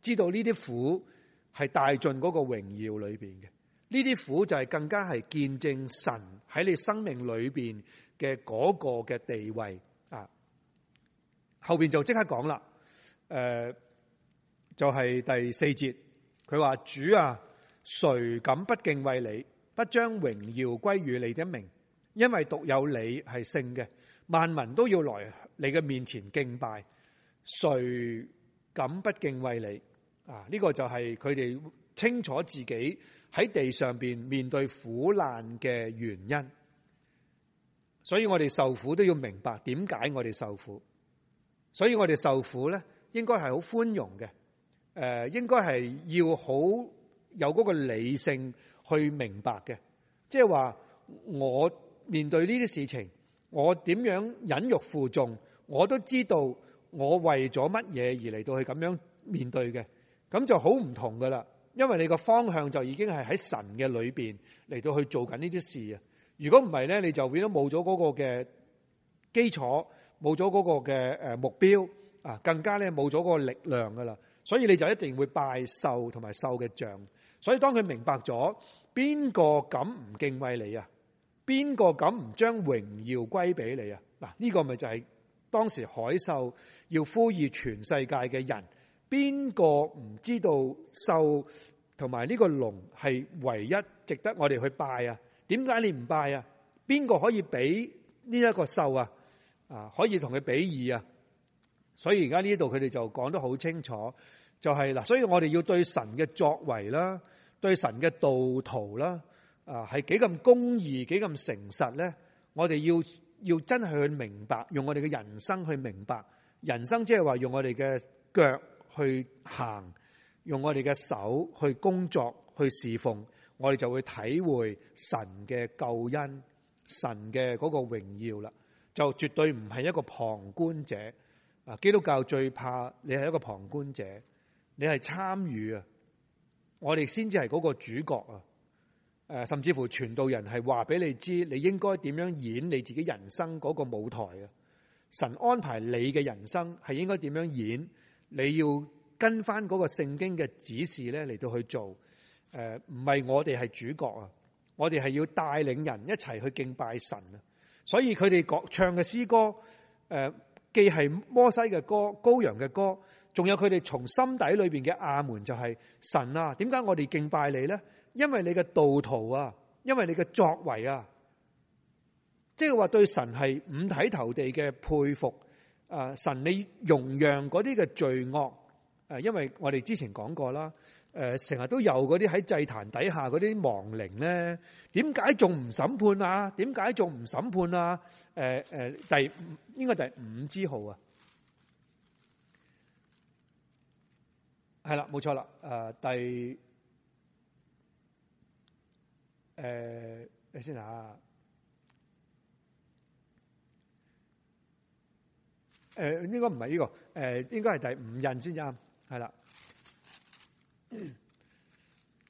知道呢啲苦係帶進嗰個榮耀裏邊嘅。呢啲苦就係更加係見證神喺你生命裏邊嘅嗰個嘅地位啊！後邊就即刻講啦，誒，就係第四節，佢話主啊，誰敢不敬畏你？不將榮耀歸於你的名，因為獨有你係聖嘅，萬民都要來你嘅面前敬拜。誰敢不敬畏你？啊，呢個就係佢哋清楚自己，喺地上邊面對苦難嘅原因，所以我哋受苦都要明白點解我哋受苦，所以我哋受苦咧應該係好寬容嘅，誒應該係要好有嗰個理性去明白嘅，即係話我面對呢啲事情，我點樣忍辱負重，我都知道我為咗乜嘢而嚟到去咁樣面對嘅，咁就好唔同噶啦。因為你個方向就已經係喺神嘅裏邊嚟到去做緊呢啲事啊！如果唔係咧，你就變咗冇咗嗰個嘅基礎，冇咗嗰個嘅誒目標啊，更加咧冇咗個力量噶啦，所以你就一定會拜獸同埋獸嘅像。所以當佢明白咗邊個敢唔敬畏你啊，邊個敢唔將榮耀歸俾你啊？嗱，呢個咪就係當時海獸要呼籲全世界嘅人。邊個唔知道獸同埋呢個龍係唯一值得我哋去拜啊？點解你唔拜啊？邊個可以俾呢一個獸啊？啊，可以同佢比擬啊？所以而家呢度佢哋就講得好清楚，就係、是、嗱，所以我哋要對神嘅作為啦，對神嘅道途啦，啊，係幾咁公義、幾咁誠實咧？我哋要要真係去明白，用我哋嘅人生去明白，人生即係話用我哋嘅腳。去行，用我哋嘅手去工作，去侍奉，我哋就會體會神嘅救恩，神嘅嗰個榮耀啦。就絕對唔係一個旁觀者啊！基督教最怕你係一個旁觀者，你係參與啊！我哋先至係嗰個主角啊！誒，甚至乎傳道人係話俾你知，你應該點樣演你自己人生嗰個舞台啊！神安排你嘅人生係應該點樣演？你要跟翻嗰個聖經嘅指示咧，嚟到去做，誒、呃，唔係我哋係主角啊，我哋係要帶領人一齊去敬拜神啊。所以佢哋講唱嘅詩歌，誒、呃，既係摩西嘅歌、羔羊嘅歌，仲有佢哋從心底裏邊嘅阿門、就是，就係神啊。點解我哋敬拜你咧？因為你嘅道途啊，因為你嘅作為啊，即係話對神係五體投地嘅佩服。啊！神你容讓嗰啲嘅罪惡，誒，因為我哋之前講過啦，誒，成日都有嗰啲喺祭壇底下嗰啲亡靈咧，點解仲唔審判啊？點解仲唔審判啊？誒誒，第應該第五支號啊，係啦，冇錯啦，誒，第誒，你先啊。誒、呃，應該唔係呢個，誒、呃，應該係第五印先啱，係啦，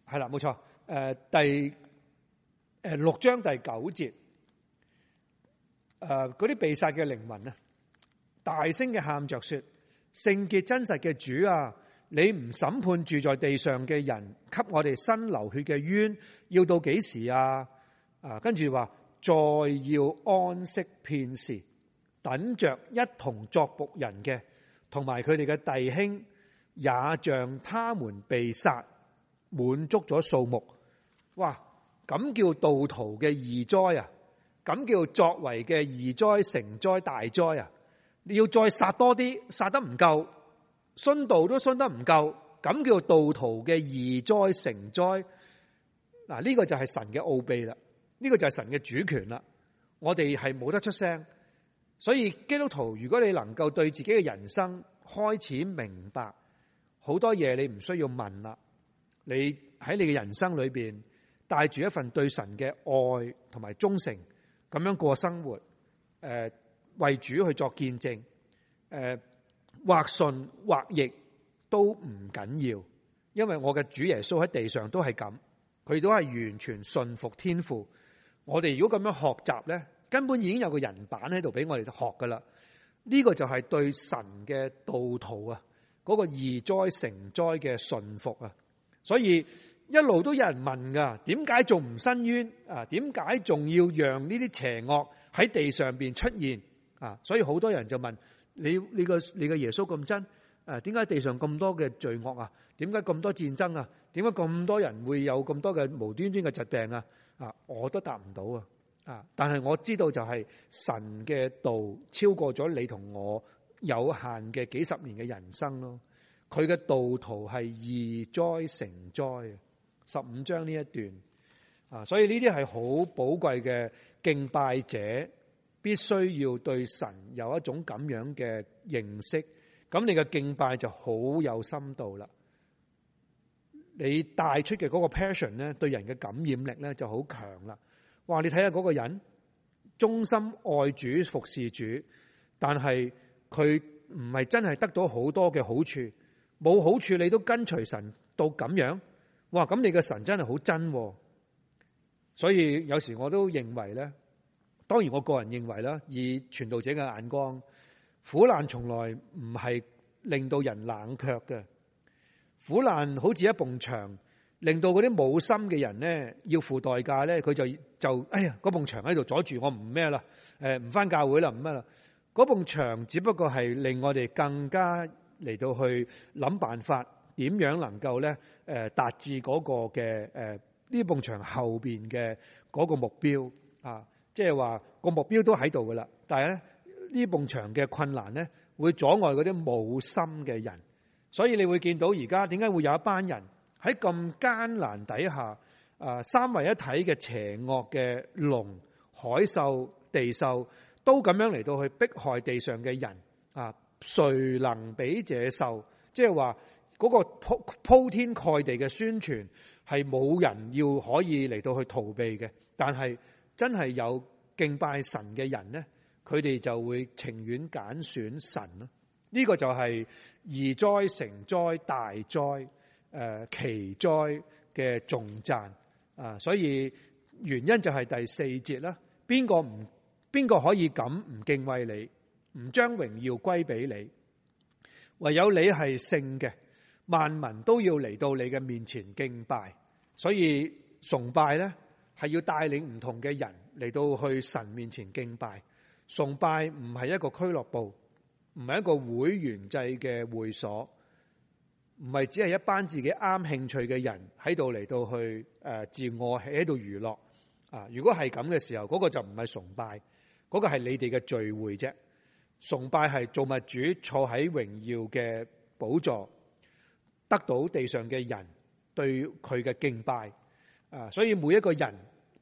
係啦，冇 錯，誒、呃，第誒六章第九節，誒、呃，嗰啲被殺嘅靈魂啊，大聲嘅喊着說：聖潔真實嘅主啊，你唔審判住在地上嘅人，給我哋伸流血嘅冤，要到幾時啊？啊、呃，跟住話再要安息片時。等着一同作僕人嘅，同埋佢哋嘅弟兄，也像他們被殺，滿足咗數目。哇！咁叫道徒嘅異災啊！咁叫作為嘅異災成災大災啊！你要再殺多啲，殺得唔夠，殉道都殉得唔夠，咁叫道徒嘅異災成災。嗱，呢個就係神嘅奧秘啦，呢個就係神嘅主權啦。我哋係冇得出聲。所以基督徒，如果你能夠對自己嘅人生開始明白好多嘢，你唔需要問啦。你喺你嘅人生裏邊，帶住一份對神嘅愛同埋忠誠，咁樣過生活。誒、呃，為主去作見證。誒、呃，或順或逆都唔緊要，因為我嘅主耶穌喺地上都係咁，佢都係完全順服天父。我哋如果咁樣學習咧？根本已經有個人版喺度俾我哋學噶啦，呢個就係對神嘅道途啊，嗰個移災成災嘅順服啊，所以一路都有人問噶，點解仲唔伸冤啊？點解仲要讓呢啲邪惡喺地上邊出現啊？所以好多人就問你，你個你個耶穌咁真啊？點解地上咁多嘅罪惡啊？點解咁多戰爭啊？點解咁多人會有咁多嘅無端端嘅疾病啊？啊，我都答唔到啊！啊！但係我知道就係神嘅道超過咗你同我有限嘅幾十年嘅人生咯。佢嘅道途係義哉誠哉啊！十五章呢一段啊，所以呢啲係好寶貴嘅敬拜者必須要對神有一種咁樣嘅認識。咁你嘅敬拜就好有深度啦。你帶出嘅嗰個 passion 咧，對人嘅感染力咧就好強啦。話你睇下嗰個人，忠心愛主服侍主，但係佢唔係真係得到好多嘅好處，冇好處你都跟隨神到咁樣，哇！咁你嘅神真係好真啊，所以有時我都認為咧，當然我個人認為啦，以傳道者嘅眼光，苦難從來唔係令到人冷卻嘅，苦難好似一埲牆。令到嗰啲冇心嘅人咧，要付代價咧，佢就就，哎呀，嗰埲牆喺度阻住我，唔咩啦，誒唔返教會啦，唔咩啦。嗰埲牆只不過係令我哋更加嚟到去諗辦法，點樣能夠咧誒、呃、達至嗰個嘅誒呢埲牆後邊嘅嗰個目標啊？即係話個目標都喺度噶啦，但係咧呢埲牆嘅困難咧會阻礙嗰啲冇心嘅人，所以你會見到而家點解會有一班人。喺咁艱難底下，誒，三位一體嘅邪惡嘅龍、海獸、地獸都咁樣嚟到去迫害地上嘅人啊！誰能比這獸？即係話嗰個鋪鋪天蓋地嘅宣傳係冇人要可以嚟到去逃避嘅。但係真係有敬拜神嘅人呢，佢哋就會情願揀選神咯。呢、這個就係宜災成災大災。誒，奇哉嘅重讚啊，所以原因就係第四節啦。邊個唔邊個可以咁唔敬畏你，唔將榮耀歸俾你？唯有你係聖嘅，萬民都要嚟到你嘅面前敬拜。所以崇拜咧係要帶領唔同嘅人嚟到去神面前敬拜。崇拜唔係一個俱樂部，唔係一個會員制嘅會所。唔係只係一班自己啱興趣嘅人喺度嚟到去，誒自我喺度娛樂啊！如果係咁嘅時候，嗰個就唔係崇拜，嗰個係你哋嘅聚會啫。崇拜係造物主坐喺榮耀嘅寶座，得到地上嘅人對佢嘅敬拜啊！所以每一個人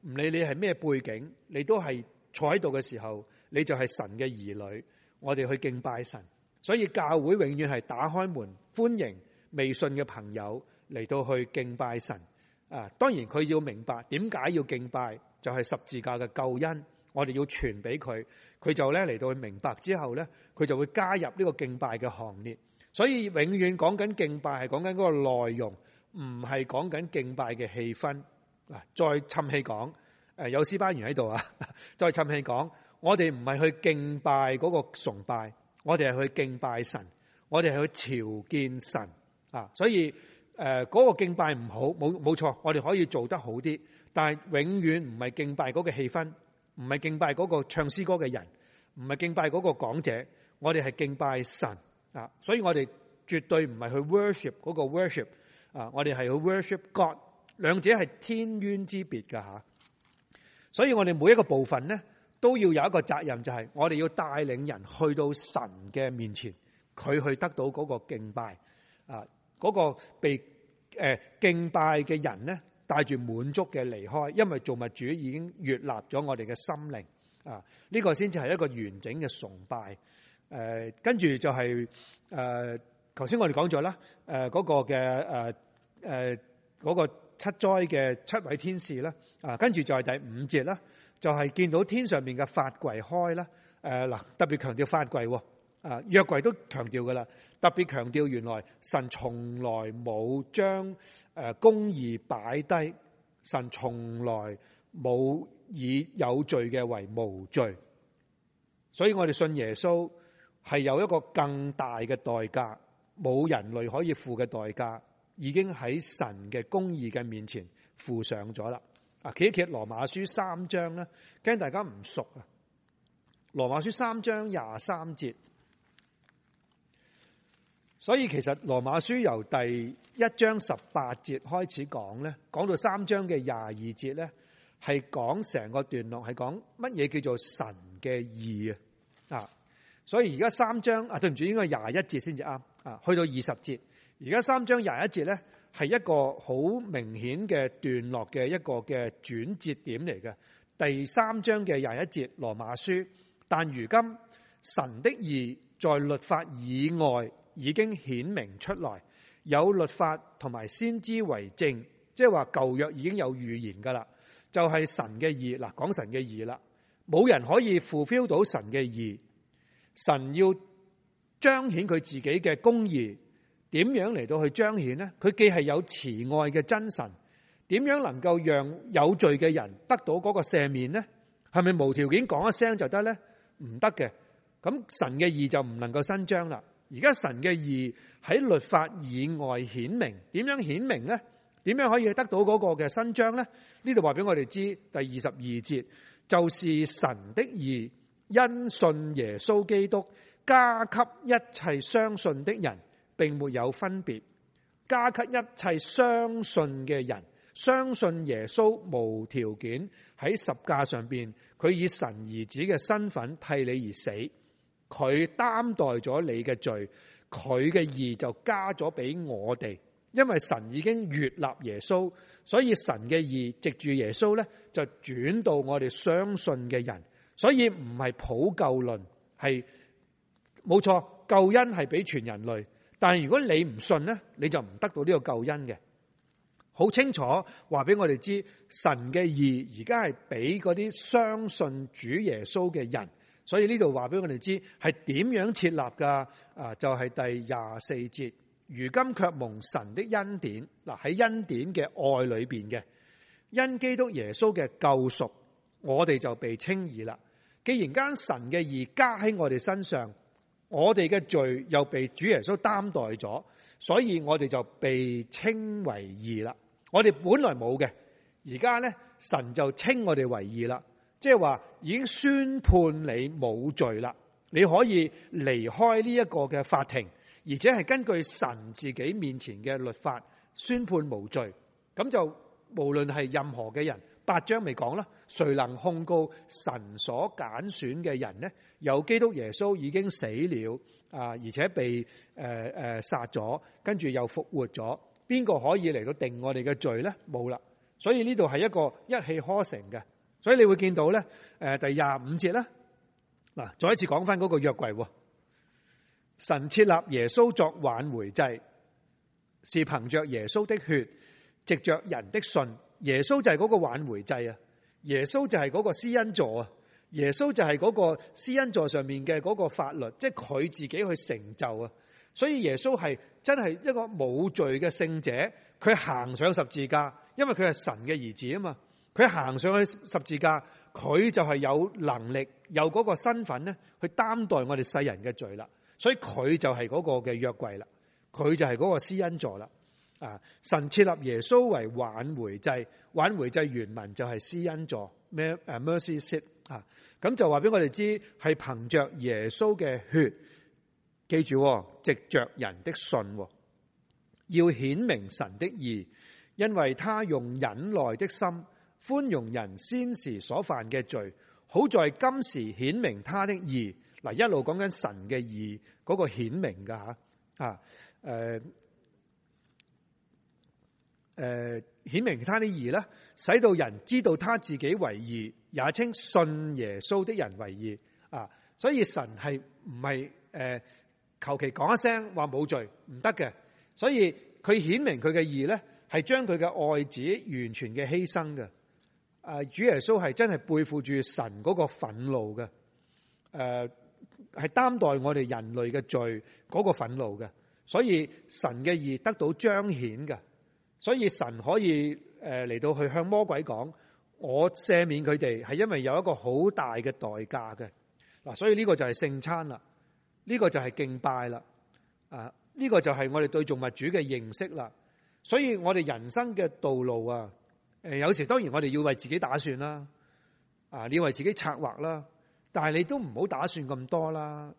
唔理你係咩背景，你都係坐喺度嘅時候，你就係神嘅兒女。我哋去敬拜神，所以教會永遠係打開門歡迎未信嘅朋友嚟到去敬拜神啊！當然佢要明白點解要敬拜，就係十字架嘅救恩。我哋要傳俾佢，佢就咧嚟到去明白之後咧，佢就會加入呢個敬拜嘅行列。所以永遠講緊敬拜係講緊嗰個內容，唔係講緊敬拜嘅氣氛嗱。再氹氣講誒有詩班員喺度啊，再氹氣講，我哋唔係去敬拜嗰個崇拜，我哋係去敬拜神，我哋係去朝見神。啊，所以誒嗰個敬拜唔好冇，冇錯，我哋可以做得好啲，但係永遠唔係敬拜嗰個氣氛，唔係敬拜嗰個唱詩歌嘅人，唔係敬拜嗰個講者，我哋係敬拜神啊！所以我哋絕對唔係去 worship 嗰個 worship 啊，我哋係去 worship God，兩者係天淵之別噶吓。所以我哋每一個部分咧，都要有一個責任，就係我哋要帶領人去到神嘅面前，佢去得到嗰個敬拜啊。嗰、那個被誒敬拜嘅人咧，帶住滿足嘅離開，因為造物主已經閱納咗我哋嘅心靈啊！呢個先至係一個完整嘅崇拜。誒，跟住就係誒，頭先我哋講咗啦，誒嗰個嘅誒誒嗰七災嘅七位天使啦，啊，跟住就係第五節啦，就係見到天上面嘅法櫃開啦，誒嗱，特別強調法櫃喎。啊，約櫃都強調噶啦，特別強調，原來神從來冇將誒公義擺低，神從來冇以有罪嘅為無罪，所以我哋信耶穌係有一個更大嘅代價，冇人類可以付嘅代價，已經喺神嘅公義嘅面前付上咗啦。啊，企一企羅馬書三章呢，驚大家唔熟啊，羅馬書三章廿三節。所以其實羅馬書由第一章十八節開始講咧,講到三章嘅廿二節咧，係講成個段落係講乜嘢叫做神嘅義啊啊！所以而家三章啊，對唔住，應該廿一節先至啱，啊，去到二十節。而家三章廿一節咧，係一個好明顯嘅段落嘅一個嘅轉折點嚟嘅。第三章嘅廿一節羅馬書，但如今神的義在律法以外，已經顯明出來，有律法同埋先知為證，即係話舊約已經有預言噶啦，就係、是、神嘅義嗱，講神嘅義啦，冇人可以 fulfil 到神嘅義，神要彰顯佢自己嘅公義，點樣嚟，到去彰顯呢？佢既係有慈愛嘅真神，點樣能夠讓有罪嘅人得到嗰個赦免呢？係咪無條件講一聲就得呢？唔得嘅，咁神嘅義就唔能夠伸張啦。而家神嘅義喺律法以外顯明，點樣顯明咧？點樣可以得到嗰個嘅新章咧？呢度話俾我哋知，第二十二節就是神的義，因信耶穌基督，加給一切相信的人，並沒有分別。加給一切相信嘅人，相信耶穌無條件喺十架上邊，佢以神兒子嘅身份替你而死。佢擔待咗你嘅罪，佢嘅義就加咗俾我哋，因為神已經悅納耶穌，所以神嘅義藉住耶穌咧就轉到我哋相信嘅人，所以唔係普救論，係冇錯，救恩係俾全人類，但係如果你唔信咧，你就唔得到呢個救恩嘅，好清楚話俾我哋知，神嘅義而家係俾嗰啲相信主耶穌嘅人。所以呢度話俾我哋知係點樣設立噶？啊，就係第廿四節。如今卻蒙神的恩典，嗱喺恩典嘅愛裏邊嘅，因基督耶穌嘅救贖，我哋就被稱義啦。既然間神嘅義加喺我哋身上，我哋嘅罪又被主耶穌擔待咗，所以我哋就被稱為義啦。我哋本來冇嘅，而家咧神就稱我哋為義啦。即係話已經宣判你無罪啦，你可以離開呢一個嘅法庭，而且係根據神自己面前嘅律法宣判無罪。咁就無論係任何嘅人，八章未講啦，誰能控告神所揀選嘅人呢？有基督耶穌已經死了啊，而且被誒誒殺咗，跟住又復活咗，邊個可以嚟到定我哋嘅罪呢？冇啦。所以呢度係一個一氣呵成嘅。所以你會見到咧，誒，第廿五節啦，嗱，再一次講翻嗰個約櫃，啊，神設立耶穌作挽回祭，是憑着耶穌的血，藉着人的信，耶穌就係嗰個挽回祭啊，耶穌就係嗰個施恩座啊，耶穌就係嗰個施恩座上面嘅嗰個法律，即係佢自己去成就啊，所以耶穌係真係一個冇罪嘅聖者，佢行上十字架，因為佢係神嘅兒子啊嘛。佢行上去十字架，佢就係有能力，有嗰個身份咧，去擔待我哋世人嘅罪啦。所以佢就係嗰個嘅約櫃啦，佢就係嗰個施恩座啦。啊，神設立耶穌為挽回祭，挽回祭原文就係施恩座咩，誒 mercy seat 啊。咁就話俾我哋知，係憑着耶穌嘅血，記住藉着人的信，要顯明神的義，因為他用忍耐的心。寬容人先時所犯嘅罪，好在今時顯明他的義。嗱，一路講緊神嘅義，嗰個顯明噶吓啊，誒、啊、誒，顯明他的義咧，使到人知道他自己為義，也稱信耶穌的人為義啊。所以神係唔係誒求其講一聲話冇罪唔得嘅，所以佢顯明佢嘅義咧，係將佢嘅愛子完全嘅犧牲嘅。誒，主耶穌係真係背負住神嗰個憤怒嘅，誒係擔待我哋人類嘅罪嗰個憤怒嘅，所以神嘅義得到彰顯嘅，所以神可以誒嚟到去向魔鬼講，我赦免佢哋係因為有一個好大嘅代價嘅，嗱，所以呢個就係聖餐啦，呢個就係敬拜啦，啊，呢個就係我哋對造物主嘅認識啦，所以我哋人生嘅道路啊。誒，有時當然我哋要為自己打算啦，啊，要你為自己策劃啦，但係你都唔好打算咁多啦。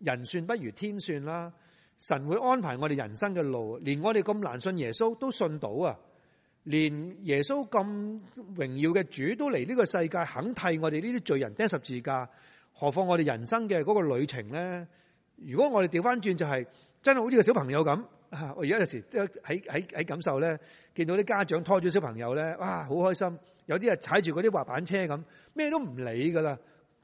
人算不如天算啦，神會安排我哋人生嘅路，連我哋咁難信耶穌都信到啊，連耶穌咁榮耀嘅主都嚟呢個世界肯替我哋呢啲罪人釘十字架，何況我哋人生嘅嗰個旅程咧？如果我哋調翻轉就係、是。真係好似個小朋友咁，我而家有時喺喺喺感受咧，見到啲家長拖住小朋友咧，哇，好開心！有啲啊踩住嗰啲滑板車咁，咩都唔理噶啦。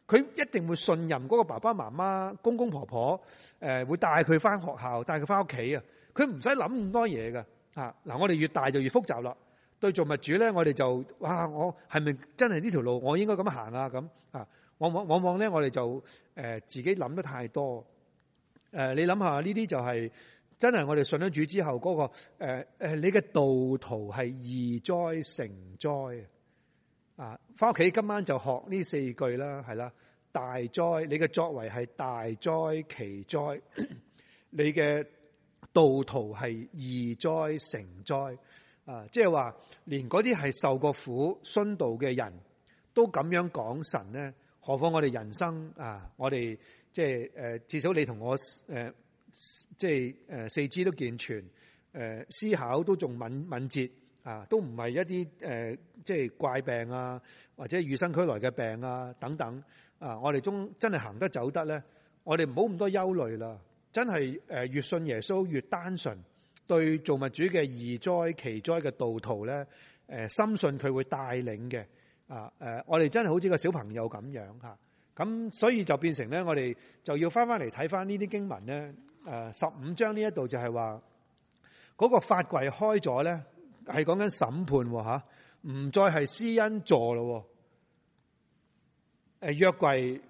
佢一定會信任嗰個爸爸媽媽、公公婆婆，誒、呃、會帶佢翻學校、帶佢翻屋企啊！佢唔使諗咁多嘢噶啊！嗱，我哋越大就越複雜啦。對造物主咧，我哋就哇，我係咪真係呢條路我應該咁行啊？咁啊，往往往往咧，我哋就、呃、自己諗得太多。誒、呃，你諗下呢啲就係、是、真係我哋信咗主之後嗰、那個誒誒、呃，你嘅道途係義哉誠哉啊！返屋企今晚就學呢四句啦，係啦，大哉你嘅作為係大哉奇哉，你嘅道途係義哉誠哉啊！即係話連嗰啲係受過苦殉道嘅人都咁樣講神咧，何況我哋人生啊，我哋。即係至少你同我誒，即四肢都健全，思考都仲敏敏捷啊，都唔係一啲即係怪病啊，或者與生俱來嘅病啊等等啊，我哋中真係行得走得咧，我哋唔好咁多憂慮啦，真係越信耶穌越單純，對造物主嘅疑哉奇哉嘅道徒咧，深信佢會帶領嘅啊，我哋真係好似個小朋友咁樣嚇。咁所以就變成咧，我哋就要翻翻嚟睇翻呢啲經文咧。誒，十五章呢一度就係話嗰個法櫃開咗咧，係講緊審判吓，唔再係施恩座咯。誒，約櫃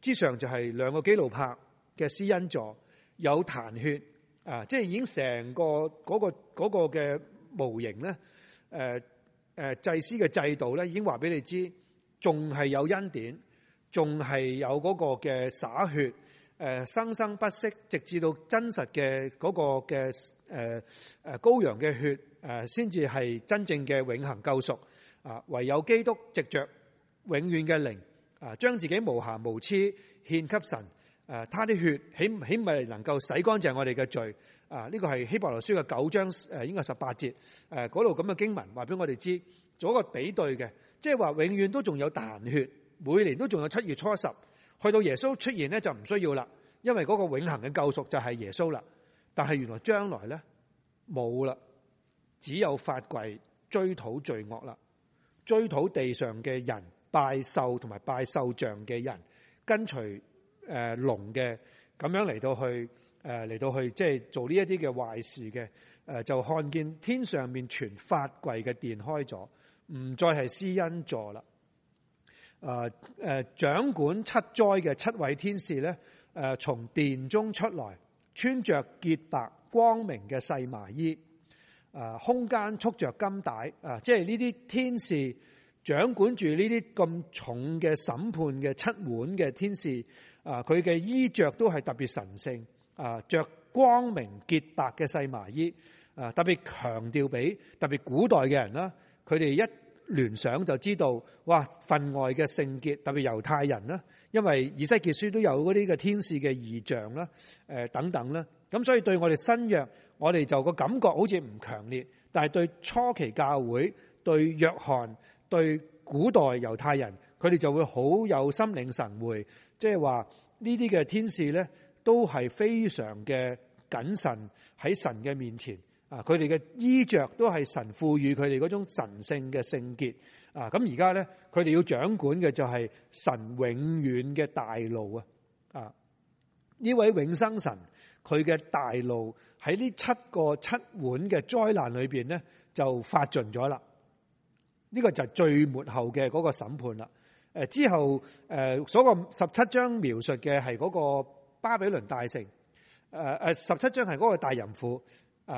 之上就係兩個基路柏嘅施恩座，有彈血啊！即係已經成個嗰個嗰個嘅模型咧。誒誒，祭司嘅制度咧，已經話俾你知，仲係有恩典。仲係有嗰個嘅灑血，生生不息，直至到真實嘅嗰個嘅誒誒羔羊嘅血先至係真正嘅永恒救贖啊，唯有基督藉著永遠嘅靈啊，將自己無瑕無疵獻給神誒，他啲血起起咪能夠洗乾淨我哋嘅罪啊？呢個係希伯來書嘅九章誒，應該十八節嗰度咁嘅經文話俾我哋知，做一個比對嘅，即係話永遠都仲有彈血。每年都仲有七月初十，去到耶穌出現咧就唔需要啦，因為嗰個永恒嘅救贖就係耶穌啦。但係原來將來咧冇啦，只有法櫃追討罪惡啦，追討地上嘅人拜獸同埋拜獸像嘅人，跟隨誒、呃、龍嘅咁樣嚟到去誒嚟、呃、到去、呃、即係做呢一啲嘅壞事嘅誒、呃、就看見天上面全法櫃嘅殿開咗，唔再係施恩座啦。誒、啊、誒掌管七災嘅七位天使咧，誒從殿中出來，穿着潔白光明嘅細麻衣，誒、啊、空間束着金帶，啊！即係呢啲天使掌管住呢啲咁重嘅審判嘅七碗嘅天使，啊！佢嘅衣着都係特別神聖，啊！著光明潔白嘅細麻衣，啊！特別強調俾特別古代嘅人啦，佢、啊、哋一。聯想就知道，哇！份外嘅聖潔，特別猶太人啦，因為以西結書都有嗰啲嘅天使嘅異象啦，誒、呃、等等啦。咁所以對我哋新約，我哋就個感覺好似唔強烈，但係對初期教會、對約翰、對古代猶太人，佢哋就會好有心領神會，即係話呢啲嘅天使咧，都係非常嘅謹慎喺神嘅面前。啊！佢哋嘅衣着都係神賦予佢哋嗰種神聖嘅聖潔啊！咁而家咧，佢哋要掌管嘅就係神永遠嘅大路啊！啊！呢位永生神佢嘅大路喺呢七個七碗嘅災難裏邊咧就發盡咗啦！呢個就係最末後嘅嗰個審判啦！誒之後誒，嗰、呃、個十七章描述嘅係嗰個巴比倫大城誒誒，十七章係嗰個大淫婦。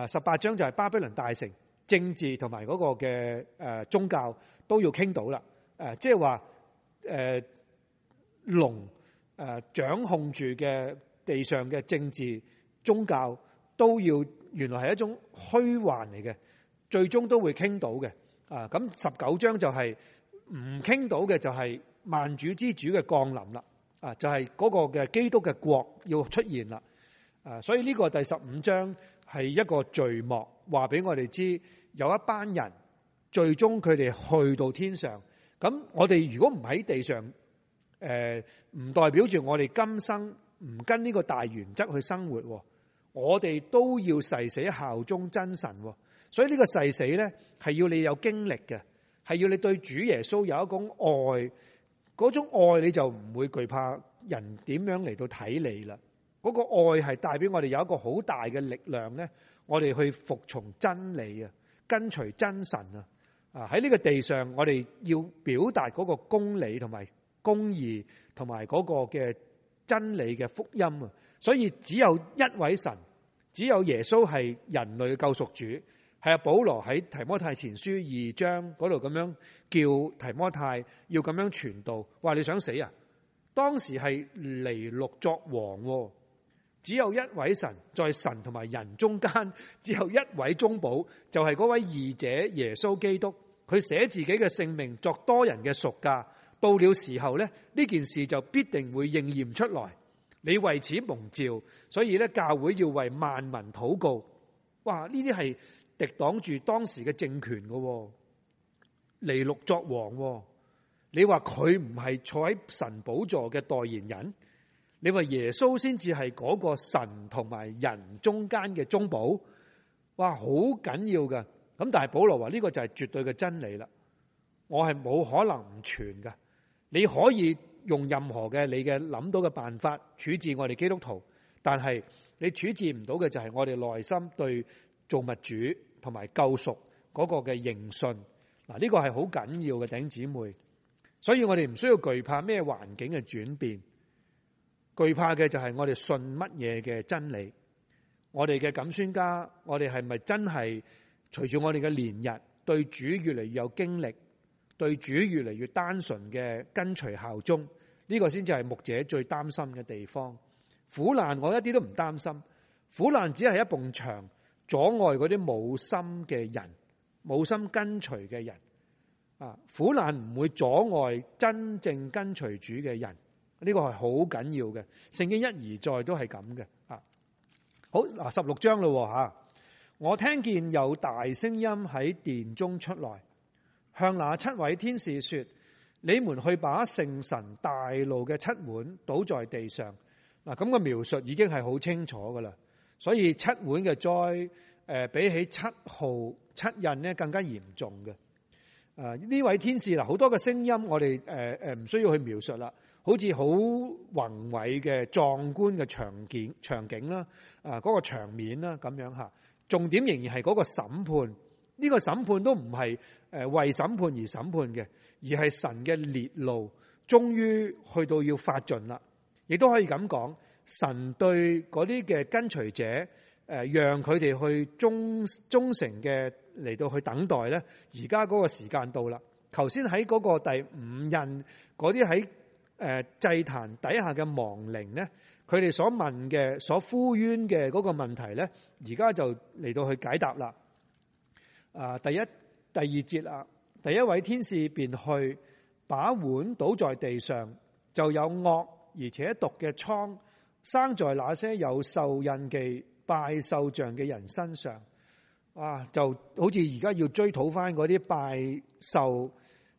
十八章就係巴比倫大城政治同埋嗰個嘅宗教都要傾到啦。即係話誒龍掌控住嘅地上嘅政治宗教都要原來係一種虛幻嚟嘅，最終都會傾到嘅。啊咁，十九章就係唔傾到嘅就係萬主之主嘅降臨啦。啊，就係、是、嗰個嘅基督嘅國要出現啦，啊。所以呢個第十五章。係一個序幕，話俾我哋知有一班人最終佢哋去到天上。咁我哋如果唔喺地上，誒、呃、唔代表住我哋今生唔跟呢個大原則去生活。我哋都要誓死效忠真神。所以呢個誓死咧係要你有經歷嘅，係要你對主耶穌有一種愛，嗰種愛你就唔會懼怕人點樣嚟到睇你啦。嗰個愛係代表我哋有一個好大嘅力量咧，我哋去服從真理啊，跟隨真神啊，啊喺呢個地上我哋要表達嗰個公理同埋公義同埋嗰個嘅真理嘅福音啊，所以只有一位神，只有耶穌係人類嘅救贖主，係啊保羅喺提摩太前書二章嗰度咁樣叫提摩太要咁樣傳道，話你想死啊？當時係尼禄作王喎。只有一位神，在神同埋人中間，只有一位中保，就係、是、嗰位義者耶穌基督。佢寫自己嘅性命作多人嘅贖價。到了時候咧，呢件事就必定會應驗出來。你為此蒙召，所以咧，教會要為萬民禱告。哇！呢啲係敵擋住當時嘅政權嘅，尼祿作王。你話佢唔係坐喺神寶座嘅代言人？你話耶穌先至係嗰個神同埋人中間嘅中保，哇，好緊要噶！咁但係保羅話呢個就係絕對嘅真理啦，我係冇可能唔傳噶。你可以用任何嘅你嘅諗到嘅辦法處置我哋基督徒，但係你處置唔到嘅就係我哋內心對造物主同埋救贖嗰個嘅認信。嗱，呢個係好緊要嘅頂姊妹，所以我哋唔需要懼怕咩環境嘅轉變。懼怕嘅就係我哋信乜嘢嘅真理，我哋嘅感宣家，我哋係咪真係隨住我哋嘅年日對主越嚟越有經歷，對主越嚟越單純嘅跟隨效忠，呢、呢個先至係牧者最擔心嘅地方。苦難我一啲都唔擔心，苦難只係一埲牆，阻礙啲冇心嘅人，冇心跟隨嘅人。啊，苦難唔會阻礙真正跟隨主嘅人。呢、這個係好緊要嘅，聖經一而再都係咁嘅啊！好嗱，十六章咯吓，我聽見有大聲音喺殿中出來，向那七位天使說：你們去把盛神大怒嘅七碗倒在地上。嗱，咁嘅描述已經係好清楚噶啦。所以七碗嘅災，誒、呃、比起七號七印呢更加嚴重嘅。誒、呃、呢位天使嗱，好、呃、多嘅聲音我哋誒誒唔需要去描述啦。好似好宏偉嘅壯觀嘅場景場景啦，啊嗰個場面啦咁樣吓，重點仍然係嗰個審判，呢個審判都唔係誒為審判而審判嘅，而係神嘅烈怒終於去到要發盡啦。亦都可以咁講，神對嗰啲嘅跟隨者誒，讓佢哋去忠忠誠嘅嚟到去等待咧。而家嗰個時間到啦，頭先喺嗰個第五印嗰啲喺。誒，祭壇底下嘅亡靈咧，佢哋所問嘅，所呼冤嘅個問題咧，而家就嚟到去解答啦。啊，第一第二節啦，第一位天使便去把碗倒在地上，就有惡而且毒嘅瘡生在那些有獸印記、拜獸像嘅人身上。哇，就好似而家要追討翻啲拜獸，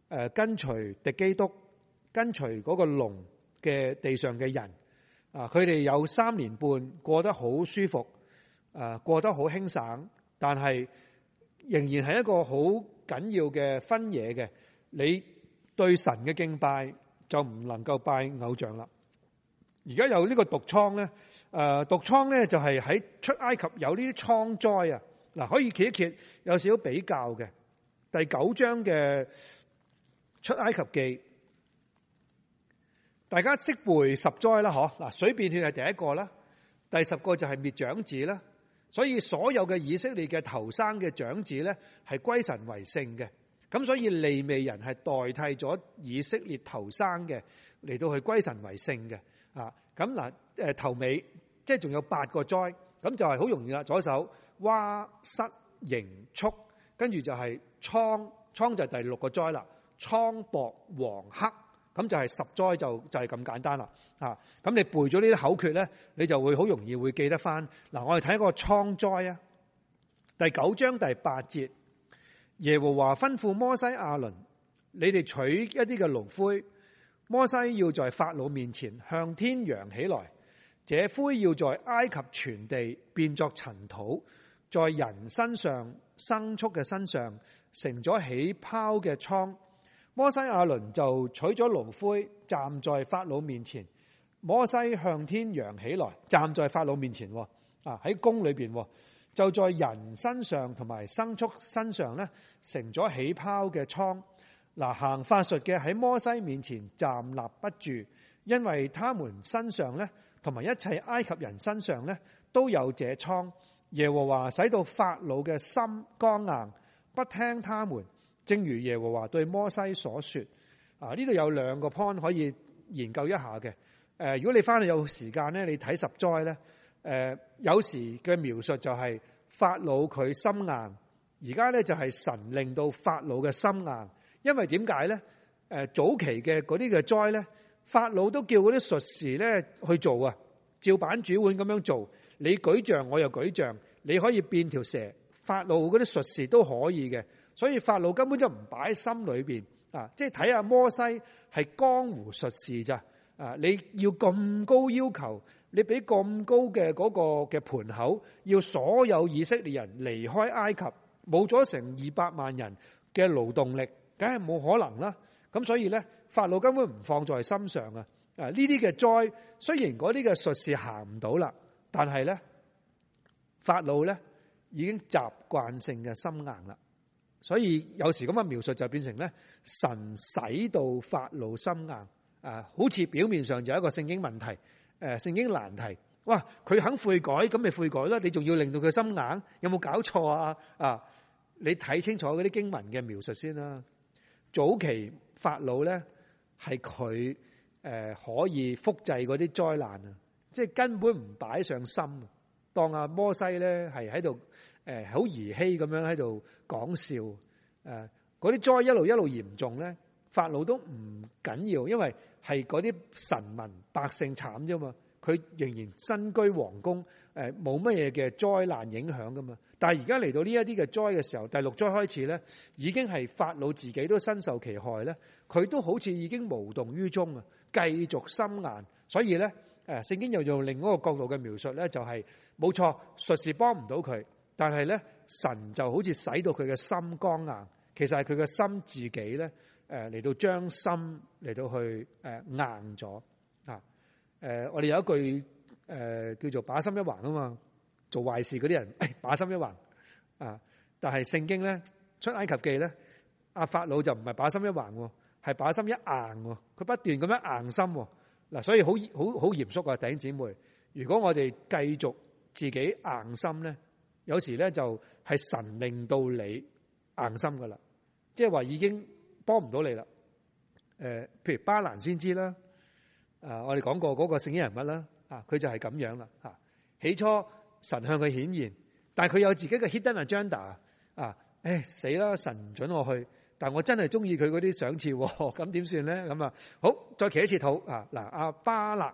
誒，跟隨敵基督，跟隨嗰個龍嘅地上嘅人，啊，佢哋有三年半過得好舒服，誒，過得好輕省，但係仍然係一個好緊要嘅分野嘅。你對神嘅敬拜就唔能夠拜偶像啦。而家有呢個毒瘡咧，誒，毒瘡咧就係喺出埃及有呢啲瘡災啊。嗱，可以揭一揭，有少少比較嘅第九章嘅出埃及記。大家識背十災啦，嗬！嗱，水變血係第一個啦，第十個就係滅長子啦。所以所有嘅以色列嘅頭生嘅長子咧，係歸神為聖嘅。咁所以利未人係代替咗以色列頭生嘅嚟到去歸神為聖嘅。啊，咁嗱，誒，頭尾即係仲有八個災，咁就係好容易啦。左手蛙失迎速，跟住就係倉倉就係第六個災啦，倉薄黃黑。咁就係十災就就係咁簡單啦，啊！咁你背咗呢啲口訣咧，你就會好容易會記得翻。嗱，我哋睇一個瘡災啊，第九章第八節，耶和華吩咐摩西亞倫，你哋取一啲嘅爐灰，摩西要在法老面前向天揚起來，這灰要在埃及全地變作塵土，在人身上牲畜嘅身上成咗起泡嘅瘡。摩西亞倫就取咗爐灰，站在法老面前。摩西向天揚起來，站在法老面前。啊，喺宮裏邊，就在人身上同埋牲畜身上咧，成咗起泡嘅瘡。嗱，行法術嘅喺摩西面前站立不住，因為他們身上咧，同埋一切埃及人身上咧，都有這瘡。耶和華使到法老嘅心剛硬，不聽他們。正如耶和華對摩西所說，啊呢度有兩個 point 可以研究一下嘅。誒，如果你翻去有時間咧，你睇十災咧，誒有時嘅描述就係法老佢心硬，而家咧就係神令到法老嘅心硬。因為點解咧？誒，早期嘅嗰啲嘅災咧，法老都叫嗰啲術士咧去做啊，照板煮碗咁樣做。你舉杖我又舉杖，你可以變條蛇，法老嗰啲術士都可以嘅。所以法老根本就唔擺喺心裏邊啊！即係睇下摩西係江湖術士咋啊！你要咁高要求，你俾咁高嘅嗰個嘅盤口，要所有以色列人離開埃及，冇咗成二百萬人嘅勞動力，梗係冇可能啦。咁所以咧，法老根本唔放在心上啊！啊，呢啲嘅災雖然嗰啲嘅術士行唔到啦，但係咧，法老咧已經習慣性嘅心硬啦。所以有時咁嘅描述就變成咧，神使到法老心硬，啊，好似表面上就一個聖經問題，誒、呃，聖經難題。哇，佢肯悔改，咁咪悔改啦。你仲要令到佢心硬？有冇搞錯啊？啊，你睇清楚嗰啲經文嘅描述先啦。早期法老咧，係佢誒可以複製嗰啲災難啊，即係根本唔擺上心，當阿摩西咧係喺度。誒，好兒戲咁樣喺度講笑，誒，嗰啲災一路一路嚴重咧，法老都唔緊要，因為係嗰啲臣民百姓慘啫嘛，佢仍然身居皇宮，誒，冇乜嘢嘅災難影響噶嘛。但係而家嚟到呢一啲嘅災嘅時候，第六災開始咧，已經係法老自己都身受其害咧，佢都好似已經無動於衷啊，繼續心硬。所以咧，誒，聖經又用另一個角度嘅描述咧，就是，就係冇錯，術士幫唔到佢。但係咧，神就好似使到佢嘅心剛硬，其實係佢嘅心自己咧，誒嚟到將心嚟到去誒、呃、硬咗啊！誒、呃，我哋有一句誒、呃、叫做把心一橫啊嘛，做壞事嗰啲人誒、哎、把心一橫啊，但係聖經咧出埃及記咧，阿法老就唔係把心一橫，係把心一硬，佢不斷咁樣硬心嗱、啊，所以好好好嚴肅啊，弟兄姊妹！如果我哋繼續自己硬心咧？有時咧就係神令到你硬心噶啦，即係話已經幫唔到你啦。誒，譬如巴蘭先知啦，誒，我哋講過嗰個聖經人物啦，啊，佢就係咁樣啦。啊，起初神向佢顯現，但係佢有自己嘅 hidden agenda 啊，誒，死啦，神唔准我去，但我真係中意佢嗰啲賞賜，咁點算咧？咁啊，好，再祈一次禱啊，嗱，阿巴勒，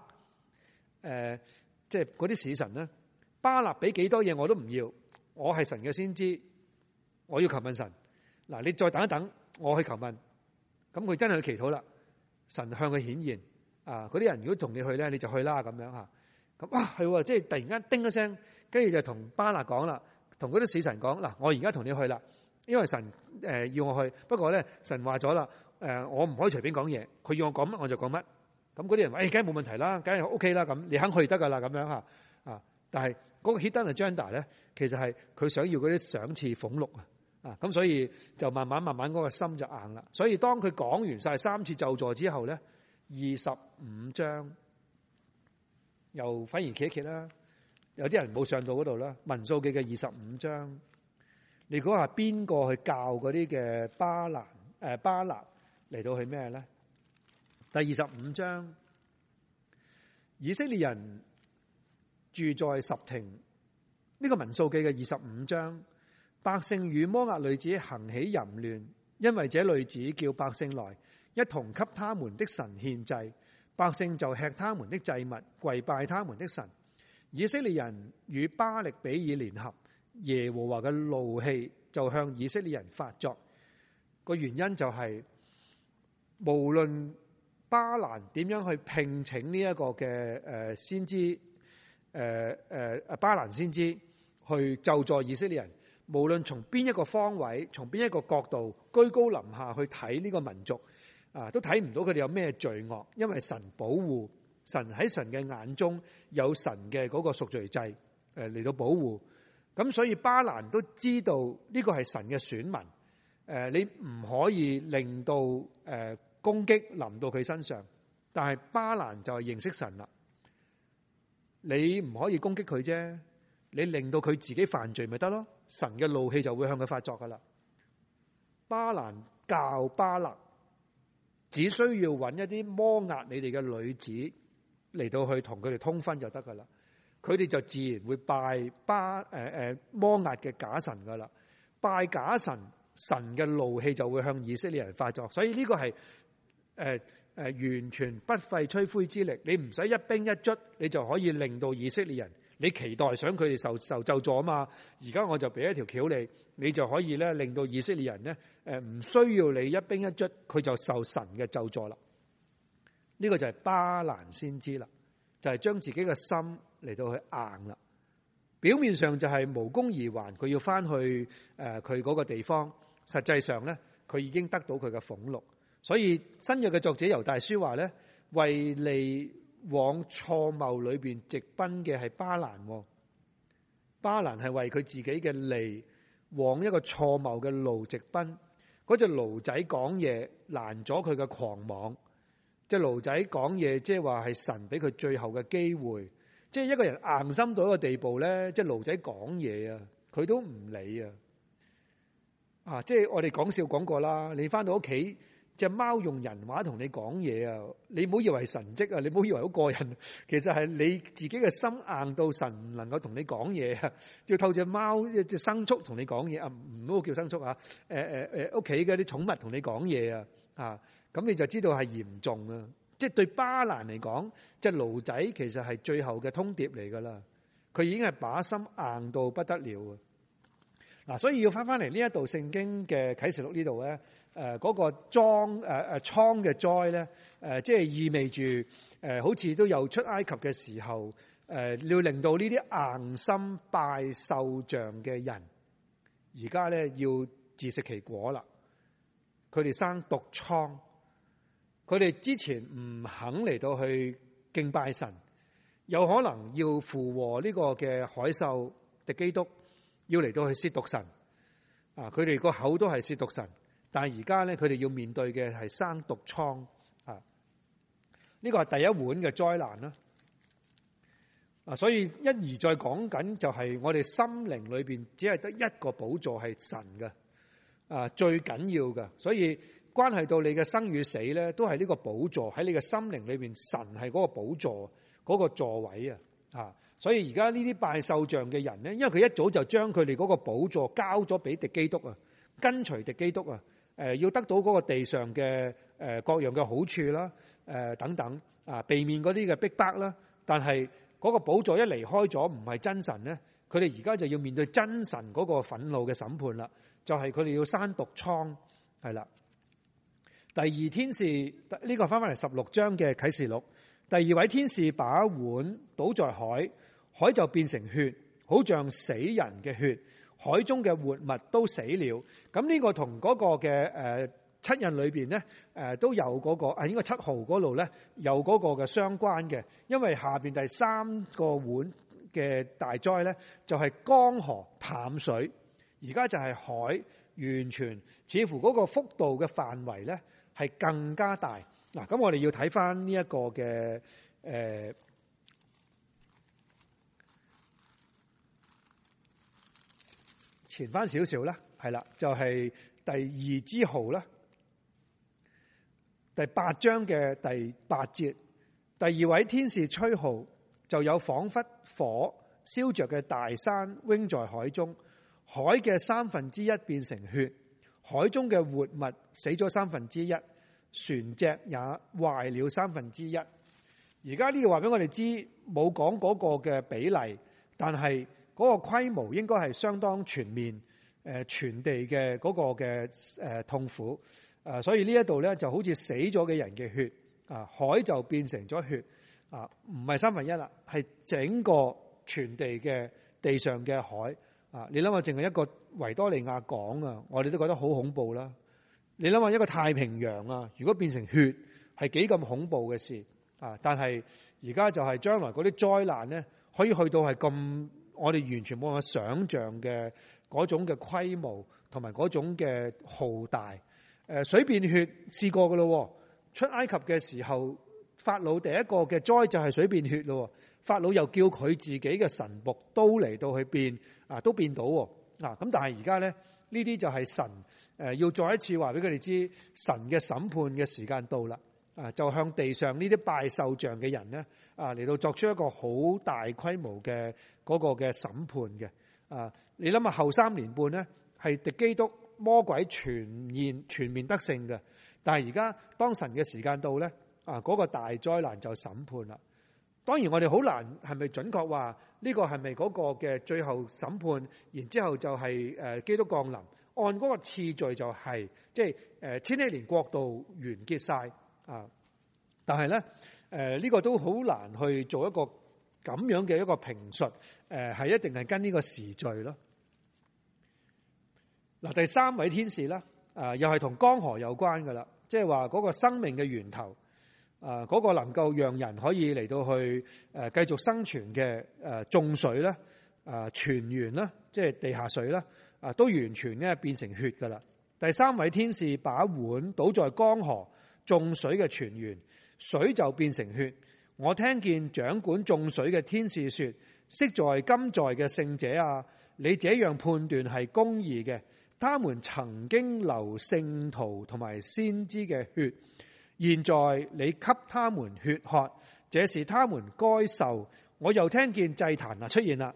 誒，即係嗰啲使神呢，巴勒俾幾多嘢我都唔要。我係神嘅先知，我要求問神。嗱，你再等一等，我去求問。咁佢真係去祈禱啦。神向佢顯現。啊，嗰啲人如果同你去咧，你就去啦。咁樣吓。咁、啊、哇，係、啊、即係突然間叮一聲，跟住就同巴拿講啦，同嗰啲死神講。嗱，我而家同你去啦，因為神誒、呃、要我去。不過咧，神話咗啦，誒、呃，我唔可以隨便講嘢。佢要我講乜，我就講乜。咁嗰啲人話，誒、哎，梗係冇問題啦，梗係 OK 啦。咁你肯去就得噶啦。咁樣吓，啊，但係。嗰、那個 hidden agenda 咧，其實係佢想要嗰啲賞賜俸祿啊！啊，咁所以就慢慢慢慢嗰個心就硬啦。所以當佢講完晒三次咒詛之後咧，二十五章又反而揭一揭啦。有啲人冇上到嗰度啦，民數記嘅二十五章，你估下邊個去教嗰啲嘅巴蘭？誒巴勒嚟到係咩咧？第二十五章，以色列人。住在什亭呢，這個民數記嘅二十五章，百姓與摩押女子行起淫亂，因為這女子叫百姓來一同給他們的神獻祭，百姓就吃他們的祭物，跪拜他們的神。以色列人與巴力比爾聯合，耶和華嘅怒氣就向以色列人發作。個原因就係、是、無論巴蘭點樣去聘請呢一個嘅誒先知。誒誒誒，巴蘭先知去救助以色列人，無論從邊一個方位，從邊一個角度，居高臨下去睇呢個民族，啊、呃，都睇唔到佢哋有咩罪惡，因為神保護，神喺神嘅眼中有神嘅嗰個贖罪祭誒嚟、呃、到保護，咁所以巴蘭都知道呢個係神嘅選民，誒、呃，你唔可以令到誒、呃、攻擊臨到佢身上，但係巴蘭就係認識神啦。你唔可以攻擊佢啫，你令到佢自己犯罪咪得咯？神嘅怒氣就會向佢發作噶啦。巴蘭教巴勒，只需要揾一啲摩押你哋嘅女子嚟到去同佢哋通婚就得噶啦。佢哋就自然會拜巴誒誒摩押嘅假神噶啦，拜假神，神嘅怒氣就會向以色列人發作。所以呢個係誒。呃完全不費吹灰之力，你唔使一兵一卒，你就可以令到以色列人，你期待想佢哋受受救助啊嘛！而家我就俾一條橋你，你就可以咧令到以色列人咧唔需要你一兵一卒，佢就受神嘅救助啦。呢、呢個就係巴蘭先知啦，就係、是、將自己嘅心嚟到去硬啦。表面上就係無功而還，佢要翻去誒佢嗰個地方，實際上咧佢已經得到佢嘅俸祿。所以新約嘅作者猶大書話咧，為利往錯謀裏邊直奔嘅係巴蘭。巴蘭係為佢自己嘅利，往一個錯謀嘅路直奔。嗰隻驢仔講嘢，攔咗佢嘅狂妄。隻驢仔講嘢，即係話係神俾佢最後嘅機會。即係一個人硬心到一個地步咧，即係驢仔講嘢啊，佢都唔理啊。啊，即係我哋講笑講過啦，你翻到屋企。隻貓用人話同你講嘢啊！你唔好以為神蹟啊！你唔好以為好過癮，其實係你自己嘅心硬到神唔能夠同你講嘢啊！要透隻貓、隻牲畜同你講嘢啊！唔好叫牲畜啊！誒誒誒，屋企嘅啲寵物同你講嘢啊！啊！咁你就知道係嚴重啊！即係對巴蘭嚟講，隻驢仔其實係最後嘅通牒嚟噶啦，佢已經係把心硬到不得了啊！嗱，所以要翻翻嚟呢一度聖經嘅啟示錄呢度咧。誒、啊，那個瘡誒誒瘡嘅災咧，誒、啊啊、即係意味住誒、啊、好似都又出埃及嘅時候誒、啊、要令到呢啲硬心拜獸像嘅人而家咧要自食其果啦。佢哋生毒瘡，佢哋之前唔肯嚟到去敬拜神，有可能要附和呢個嘅海獸敵基督，要嚟到去褻瀆神啊！佢哋個口都係褻瀆神。但係而家咧，佢哋要面對嘅係生毒瘡啊！呢個係第一碗嘅災難啦。啊，所以一而再講緊就係我哋心靈裏邊只係得一個寶座係神嘅啊，最緊要嘅。所以關係到你嘅生與死咧，都係呢個寶座喺你嘅心靈裏邊，神係嗰個寶座嗰個座位啊！啊，所以而家呢啲拜獸像嘅人咧，因為佢一早就將佢哋嗰個寶座交咗俾敵基督啊，跟隨敵基督啊！誒要得到嗰個地上嘅誒各樣嘅好處啦，誒等等啊，避免嗰啲嘅逼迫啦。但係嗰個寶座一離開咗，唔係真神咧，佢哋而家就要面對真神嗰個憤怒嘅審判啦。就係佢哋要生毒瘡係啦。第二天使呢、這個翻翻嚟十六章嘅啟示錄，第二位天使把碗倒在海，海就變成血，好像死人嘅血。海中嘅活物都死了，咁呢個同嗰個嘅誒、呃、七印裏邊咧誒都有嗰、嗰個啊，應該七號嗰度咧有嗰個嘅相關嘅，因為下邊第三個碗嘅大災咧就係、是、江河淡水，而家就係海，完全似乎嗰個幅度嘅範圍咧係更加大嗱，咁我哋要睇返呢一個嘅誒。呃填翻少少啦，係啦，就係第二支號啦，第八章嘅第八節，第二位天使吹號，就有仿佛火燒着嘅大山扔在海中，海嘅三分之一變成血，海中嘅活物死咗三分之一，船隻也壞了三分之一。而家呢個話俾我哋知，冇講嗰個嘅比例，但係，嗰個規模應該係相當全面，誒全地嘅嗰個嘅誒痛苦啊，所以呢一度咧就好似死咗嘅人嘅血啊，海就變成咗血啊，唔係三分一啦，係整個全地嘅地上嘅海啊。你諗下，淨係一個維多利亞港啊，我哋都覺得好恐怖啦。你諗下一個太平洋啊，如果變成血係幾咁恐怖嘅事啊？但係而家就係將來嗰啲災難咧，可以去到係咁。我哋完全冇法想象嘅嗰種嘅規模同埋嗰種嘅浩大。誒，水變血試過噶咯，出埃及嘅時候，法老第一個嘅災就係水變血咯。法老又叫佢自己嘅神木都嚟到去變，啊，都變到喎。咁，但係而家咧呢啲就係神，誒要再一次話俾佢哋知，神嘅審判嘅時間到啦。啊，就向地上呢啲拜獸像嘅人咧。啊，嚟到作出一個好大規模嘅嗰個嘅審判嘅，啊，你諗下後三年半呢係敵基督魔鬼全面全面得勝嘅，但係而家當神嘅時間到呢，啊，嗰個大災難就審判啦。當然我哋好難係咪準確話呢個係咪嗰個嘅最後審判，然之後就係誒基督降臨，按嗰個次序就係即係誒千禧年國度完結晒。啊，但係呢。誒，呢個都好難去做一個咁樣嘅一個評述，誒、呃、係一定係跟呢個時序咯。嗱、呃，第三位天使啦，誒、呃、又係同江河有關噶啦，即係話嗰個生命嘅源頭，誒、呃、嗰、那個能夠讓人可以嚟到去誒、呃、繼續生存嘅誒、呃、眾水咧，誒、呃、泉源咧，即係地下水咧，啊、呃、都完全咧變成血噶啦。第三位天使把碗倒在江河眾水嘅泉源。水就變成血。我聽見掌管眾水嘅天使說：昔在今在嘅聖者啊，你這樣判斷係公義嘅。他們曾經流聖徒同埋先知嘅血，現在你給他們血喝，這是他們該受。我又聽見祭壇啊出現啦，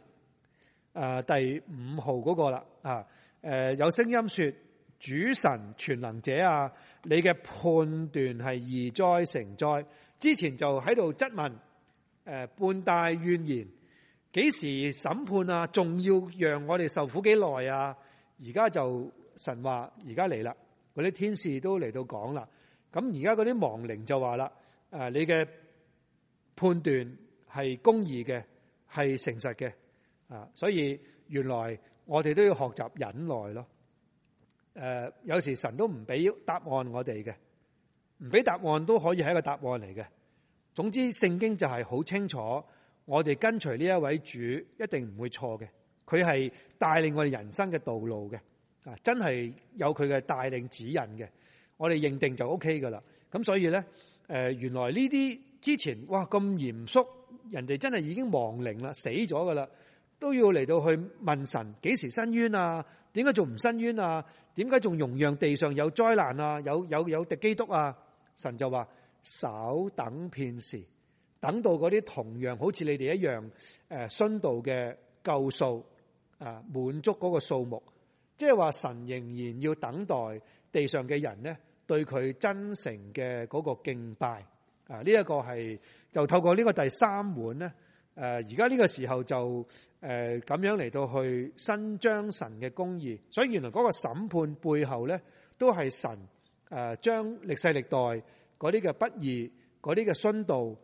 誒、呃，第五號嗰個啦，啊，誒、呃，有聲音說：主神全能者啊。你嘅判斷係義哉誠哉，之前就喺度質問，誒，半帶怨言，幾時審判啊？仲要讓我哋受苦幾耐啊？而家就神話，而家嚟啦，嗰啲天使都嚟到講啦。咁而家嗰啲亡靈就話啦，誒，你嘅判斷係公義嘅，係誠實嘅，啊，所以原來我哋都要學習忍耐咯。誒、呃，有時神都唔俾答案我哋嘅，唔俾答案都可以係一個答案嚟嘅。總之聖經就係好清楚，我哋跟隨呢一位主一定唔會錯嘅。佢係帶領我哋人生嘅道路嘅，啊，真係有佢嘅帶領指引嘅。我哋認定就 OK 噶啦。咁所以咧，誒、呃，原來呢啲之前哇咁嚴肅，人哋真係已經亡靈啦，死咗噶啦，都要嚟到去問神幾時伸冤啊？點解仲唔伸冤啊？點解仲容讓地上有災難啊？有有有敵基督啊？神就話：少等片時，等到嗰啲同樣好似你哋一樣誒，殉道嘅夠數啊，滿足嗰個數目。即係話神仍然要等待地上嘅人咧，對佢真誠嘅嗰個敬拜啊。呢一個係就透過呢個第三碗咧。誒而家呢個時候就誒咁、呃、樣嚟到去伸張神嘅公義，所以原來嗰個審判背後咧，都係神誒將歷世歷代嗰啲嘅不義、嗰啲嘅殉道、誒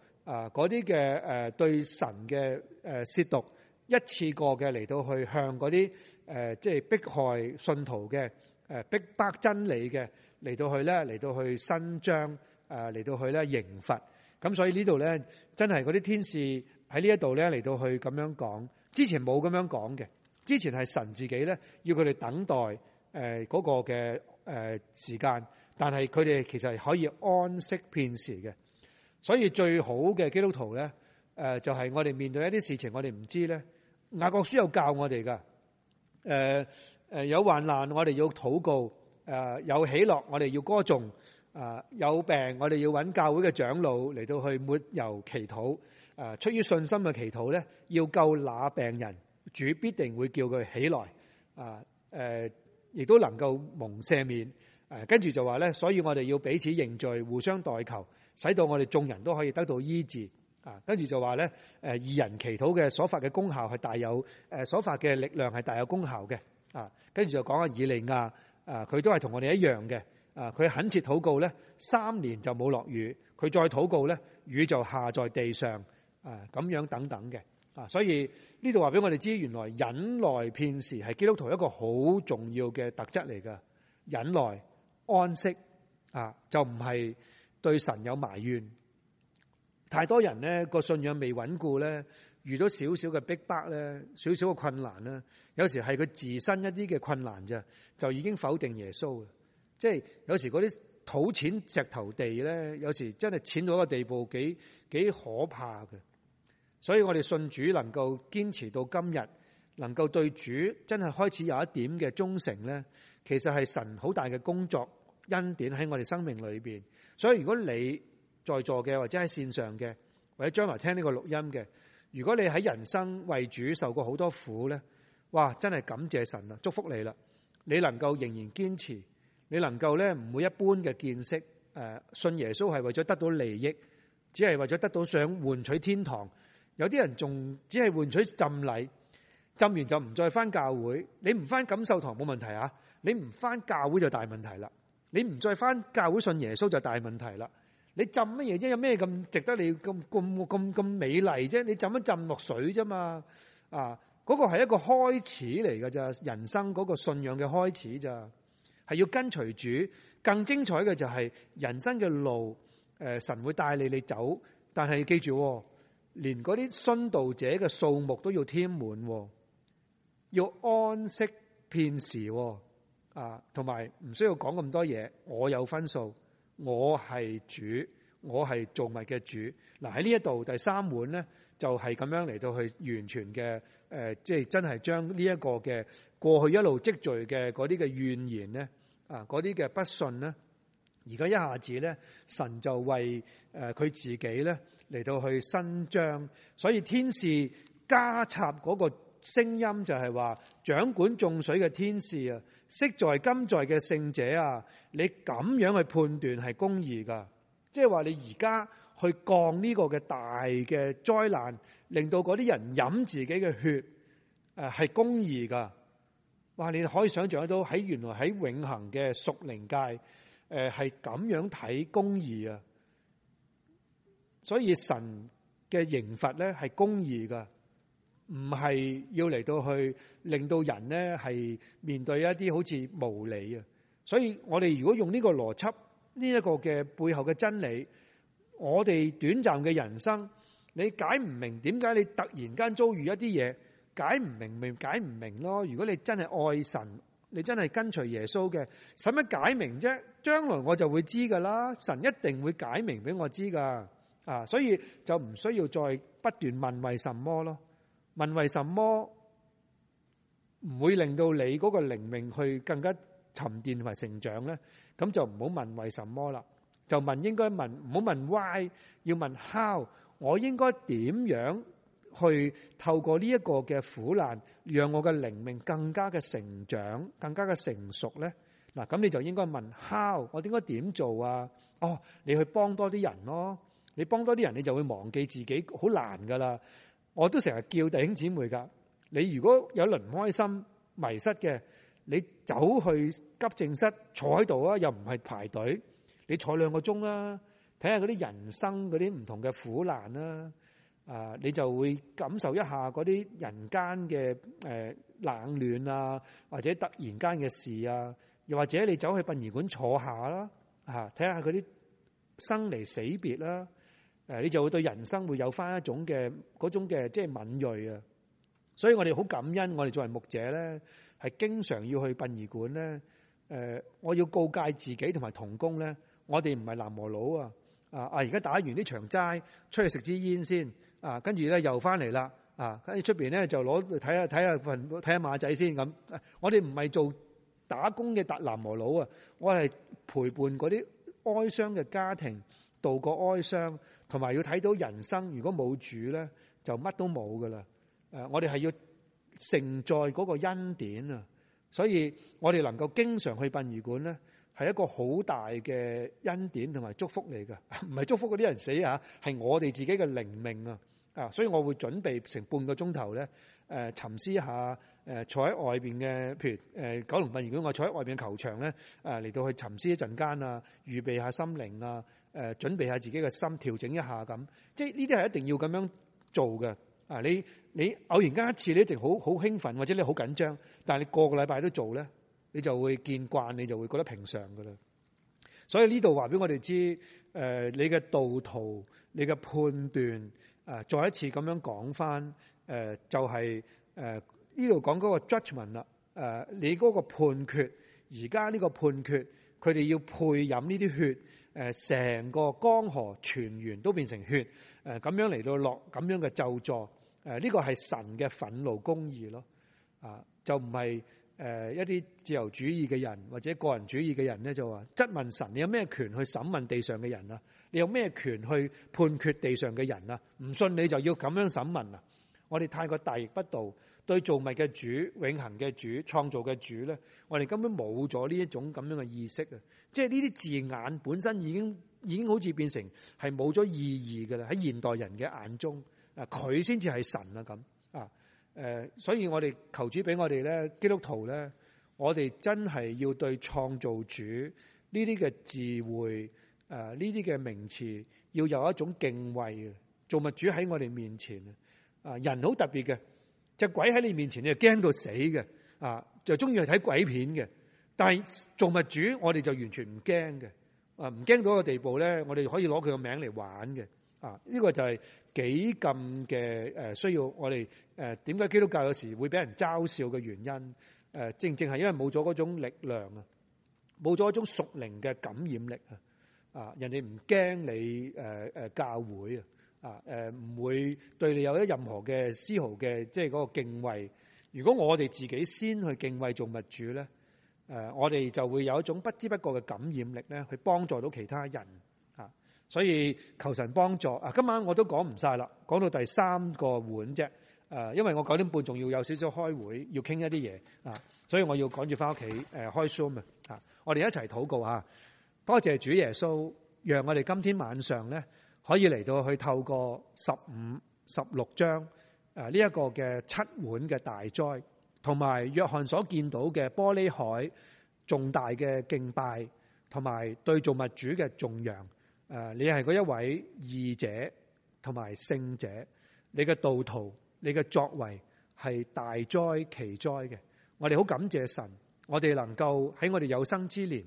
嗰啲嘅誒對神嘅誒褻瀆，一次過嘅嚟到去向嗰啲誒即係迫害信徒嘅誒、呃、迫逼真理嘅嚟到去咧，嚟到去伸張誒嚟到去咧刑罰。咁所以這裏呢度咧，真係嗰啲天使。喺呢一度咧嚟到去咁樣講，之前冇咁樣講嘅。之前係神自己咧要佢哋等待誒嗰、呃那個嘅誒、呃、時間，但係佢哋其實係可以安息片時嘅。所以最好嘅基督徒咧誒、呃，就係、是、我哋面對一啲事情我們不，我哋唔知咧。雅各書有教我哋噶誒誒，有患難我哋要禱告，誒、呃、有喜樂我哋要歌頌，誒、呃、有病我哋要揾教會嘅長老嚟到去抹油祈禱。誒，出於信心嘅祈禱咧，要救那病人，主必定會叫佢起來。啊、呃，誒，亦都能夠蒙赦免。誒，跟住就話咧，所以我哋要彼此認罪，互相代求，使到我哋眾人都可以得到醫治。啊，跟住就話咧，誒二人祈禱嘅所發嘅功效係大有，誒所發嘅力量係大有功效嘅。啊，跟住就講阿以利亞，啊，佢都係同我哋一樣嘅。啊，佢懇切禱告咧，三年就冇落雨，佢再禱告咧，雨就下在地上。誒，咁樣等等嘅，啊，所以呢度話俾我哋知，原來忍耐片時係基督徒一個好重要嘅特質嚟噶。忍耐、安息，啊，就唔係對神有埋怨。太多人咧個信仰未穩固咧，遇到少少嘅逼迫咧，少少嘅困難咧，有時係佢自身一啲嘅困難咋，就已經否定耶穌嘅。即係有時嗰啲土淺石頭地咧，有時真係淺到一個地步幾幾可怕嘅。所以我哋信主能夠堅持到今日，能夠對主真係開始有一點嘅忠誠咧，其實係神好大嘅工作恩典喺我哋生命裏邊。所以如果你在座嘅、或者喺綫上嘅、或者將來聽呢個錄音嘅，如果你喺人生為主受過好多苦咧，哇！真係感謝神啊，祝福你啦。你能夠仍然堅持，你能夠咧唔會一般嘅見識誒，信耶穌係為咗得到利益，只係為咗得到想換取天堂。有啲人仲只係換取浸禮，浸完就唔再翻教會。你唔翻錦繡堂冇問題啊，你唔翻教會就大問題啦。你唔再翻教會信耶穌就大問題啦。你浸乜嘢啫？有咩咁值得你咁咁咁咁美麗啫？你浸一浸落水啫嘛啊！嗰、那個係一個開始嚟㗎咋，人生嗰個信仰嘅開始咋，係要跟隨主。更精彩嘅就係人生嘅路、呃，神會帶你你走。但係要記住、哦。連嗰啲殉道者嘅數目都要添滿、哦，要安息片時、哦、啊，同埋唔需要講咁多嘢。我有分數，我係主，我係造物嘅主。嗱喺呢一度第三碗咧，就係、是、咁樣嚟到去完全嘅誒，即、呃、係、就是、真係將呢一個嘅過去一路積聚嘅嗰啲嘅怨言咧，啊嗰啲嘅不信咧，而家一下子咧，神就為誒佢、呃、自己咧。嚟到去伸張，所以天使加插嗰個聲音就係話，掌管眾水嘅天使啊，昔在今在嘅聖者啊，你咁樣去判斷係公義噶，即係話你而家去降呢個嘅大嘅災難，令到嗰啲人飲自己嘅血，誒係公義噶，哇！你可以想象到喺原來喺永恒嘅屬靈界，誒係咁樣睇公義啊。所以神嘅刑罰咧係公義噶，唔係要嚟到去令到人咧係面對一啲好似無理啊。所以我哋如果用呢個邏輯，呢一個嘅背後嘅真理，我哋短暫嘅人生，你解唔明點解你突然間遭遇一啲嘢，解唔明咪解唔明咯。如果你真係愛神，你真係跟隨耶穌嘅，使乜解明啫？將來我就會知噶啦，神一定會解明俾我知噶。啊，所以就唔需要再不斷問為什麼咯？問為什麼唔會令到你嗰個靈命去更加沉澱同埋成長咧？咁就唔好問為什麼啦，就問應該問，唔好問 why，要問 how，我應該點樣去透過呢一個嘅苦難，讓我嘅靈命更加嘅成長，更加嘅成熟咧？嗱，咁你就應該問 how，我應該點做啊？哦，你去幫多啲人咯。你幫多啲人，你就會忘記自己，好難噶啦！我都成日叫弟兄姊妹噶。你如果有輪唔開心、迷失嘅，你走去急症室坐喺度啊，又唔係排隊，你坐兩個鐘啊，睇下嗰啲人生嗰啲唔同嘅苦難啦。啊，你就會感受一下嗰啲人間嘅誒冷暖啊，或者突然間嘅事啊，又或者你走去殯儀館坐下啦，吓睇下嗰啲生離死別啦。誒，你就會對人生會有翻一種嘅嗰種嘅即係敏銳啊！所以我哋好感恩，我哋作為牧者咧，係經常要去殯儀館咧、呃。我要告誡自己同埋同工咧，我哋唔係南無佬啊！啊啊，而家打完呢場齋，出去食支煙先啊，跟住咧又翻嚟啦啊！跟住出面咧就攞睇下睇下睇下馬仔先咁、啊。我哋唔係做打工嘅達南無佬啊！我係陪伴嗰啲哀傷嘅家庭度過哀傷。同埋要睇到人生，如果冇主咧，就乜都冇噶啦。誒，我哋係要承載嗰個恩典啊，所以我哋能夠經常去殯儀館咧，係一個好大嘅恩典同埋祝福嚟㗎。唔係祝福嗰啲人死啊，係我哋自己嘅靈命啊。啊，所以我會準備成半個鐘頭咧，誒，沉思一下，誒，坐喺外面嘅，譬如九龍殯儀館，我坐喺外面嘅球場咧，誒，嚟到去沉思一陣間啊，預備下心靈啊。誒，準備下自己嘅心，調整一下咁，即係呢啲係一定要咁樣做嘅。啊，你你偶然間一次，你一定好好興奮，或者你好緊張，但係你個個禮拜都做咧，你就會見慣，你就會覺得平常噶啦。所以呢度話俾我哋知，誒，你嘅道途，你嘅判斷，誒，再一次咁樣講翻，誒，就係誒呢度講嗰個 judgment 啦，誒，你嗰個判決，而家呢個判決，佢哋要配飲呢啲血。誒，成個江河全源都變成血，誒咁樣嚟到落咁樣嘅咒詛，誒、這、呢個係神嘅憤怒公義咯。啊就唔係誒一啲自由主義嘅人或者個人主義嘅人咧就話質問神，你有咩權去審問地上嘅人啊？你有咩權去判決地上嘅人啊？唔信你就要咁樣審問啊？我哋太過大逆不道，對造物嘅主、永恆嘅主、創造嘅主咧，我哋根本冇咗呢一種咁樣嘅意識啊！即係呢啲字眼本身已經已經好似變成係冇咗意義噶啦，喺現代人嘅眼中，啊佢先至係神啊咁啊，誒、呃，所以我哋求主俾我哋咧，基督徒咧，我哋真係要對創造主呢啲嘅智慧、誒、呃，呢啲嘅名詞要有一種敬畏嘅造物主喺我哋面前啊、呃，人好特別嘅，隻鬼喺你面前你就驚到死嘅啊，就中意去睇鬼片嘅。但係造物主，我哋就完全唔驚嘅，啊唔驚到個地步咧，我哋可以攞佢個名嚟玩嘅，啊呢、這個就係幾咁嘅誒，需要我哋誒，點、啊、解基督教有時會俾人嘲笑嘅原因？誒、啊，正正係因為冇咗嗰種力量啊，冇咗一種屬靈嘅感染力啊，啊，啊人哋唔驚你誒誒教會啊，啊誒唔會對你有咗任何嘅絲毫嘅即係個敬畏。如果我哋自己先去敬畏造物主咧？誒，我哋就會有一種不知不覺嘅感染力咧，去幫助到其他人啊。所以求神幫助啊！今晚我都講唔晒啦，講到第三個碗啫。誒，因為我九點半仲要有少少開會，要傾一啲嘢啊，所以我要趕住翻屋企誒開 zoom 啊。我哋一齊禱告吓，多謝主耶穌，讓我哋今天晚上咧可以嚟到去透過十五、十六章誒呢一個嘅七碗嘅大災。同埋約翰所見到嘅玻璃海，重大嘅敬拜，同埋對造物主嘅頌揚誒，你係嗰一位義者，同埋聖者。你嘅道途，你嘅作為係大哉奇哉嘅。我哋好感謝神，我哋能夠喺我哋有生之年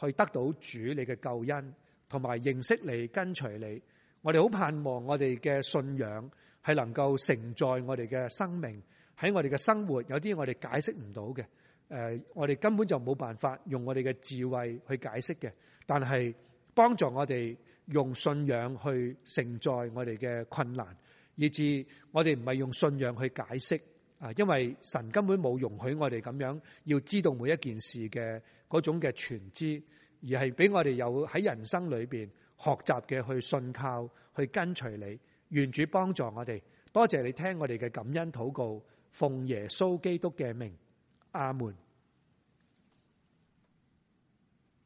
去得到主你嘅救恩，同埋認識你、跟隨你。我哋好盼望我哋嘅信仰係能夠承載我哋嘅生命。喺我哋嘅生活，有啲我哋解釋唔到嘅，誒、呃，我哋根本就冇辦法用我哋嘅智慧去解釋嘅。但係幫助我哋用信仰去承載我哋嘅困難，以致我哋唔係用信仰去解釋啊、呃，因為神根本冇容許我哋咁樣要知道每一件事嘅嗰種嘅全知，而係俾我哋有喺人生裏邊學習嘅去信靠、去跟隨你，願主幫助我哋。多謝你聽我哋嘅感恩禱告。奉耶穌基督嘅名，阿門。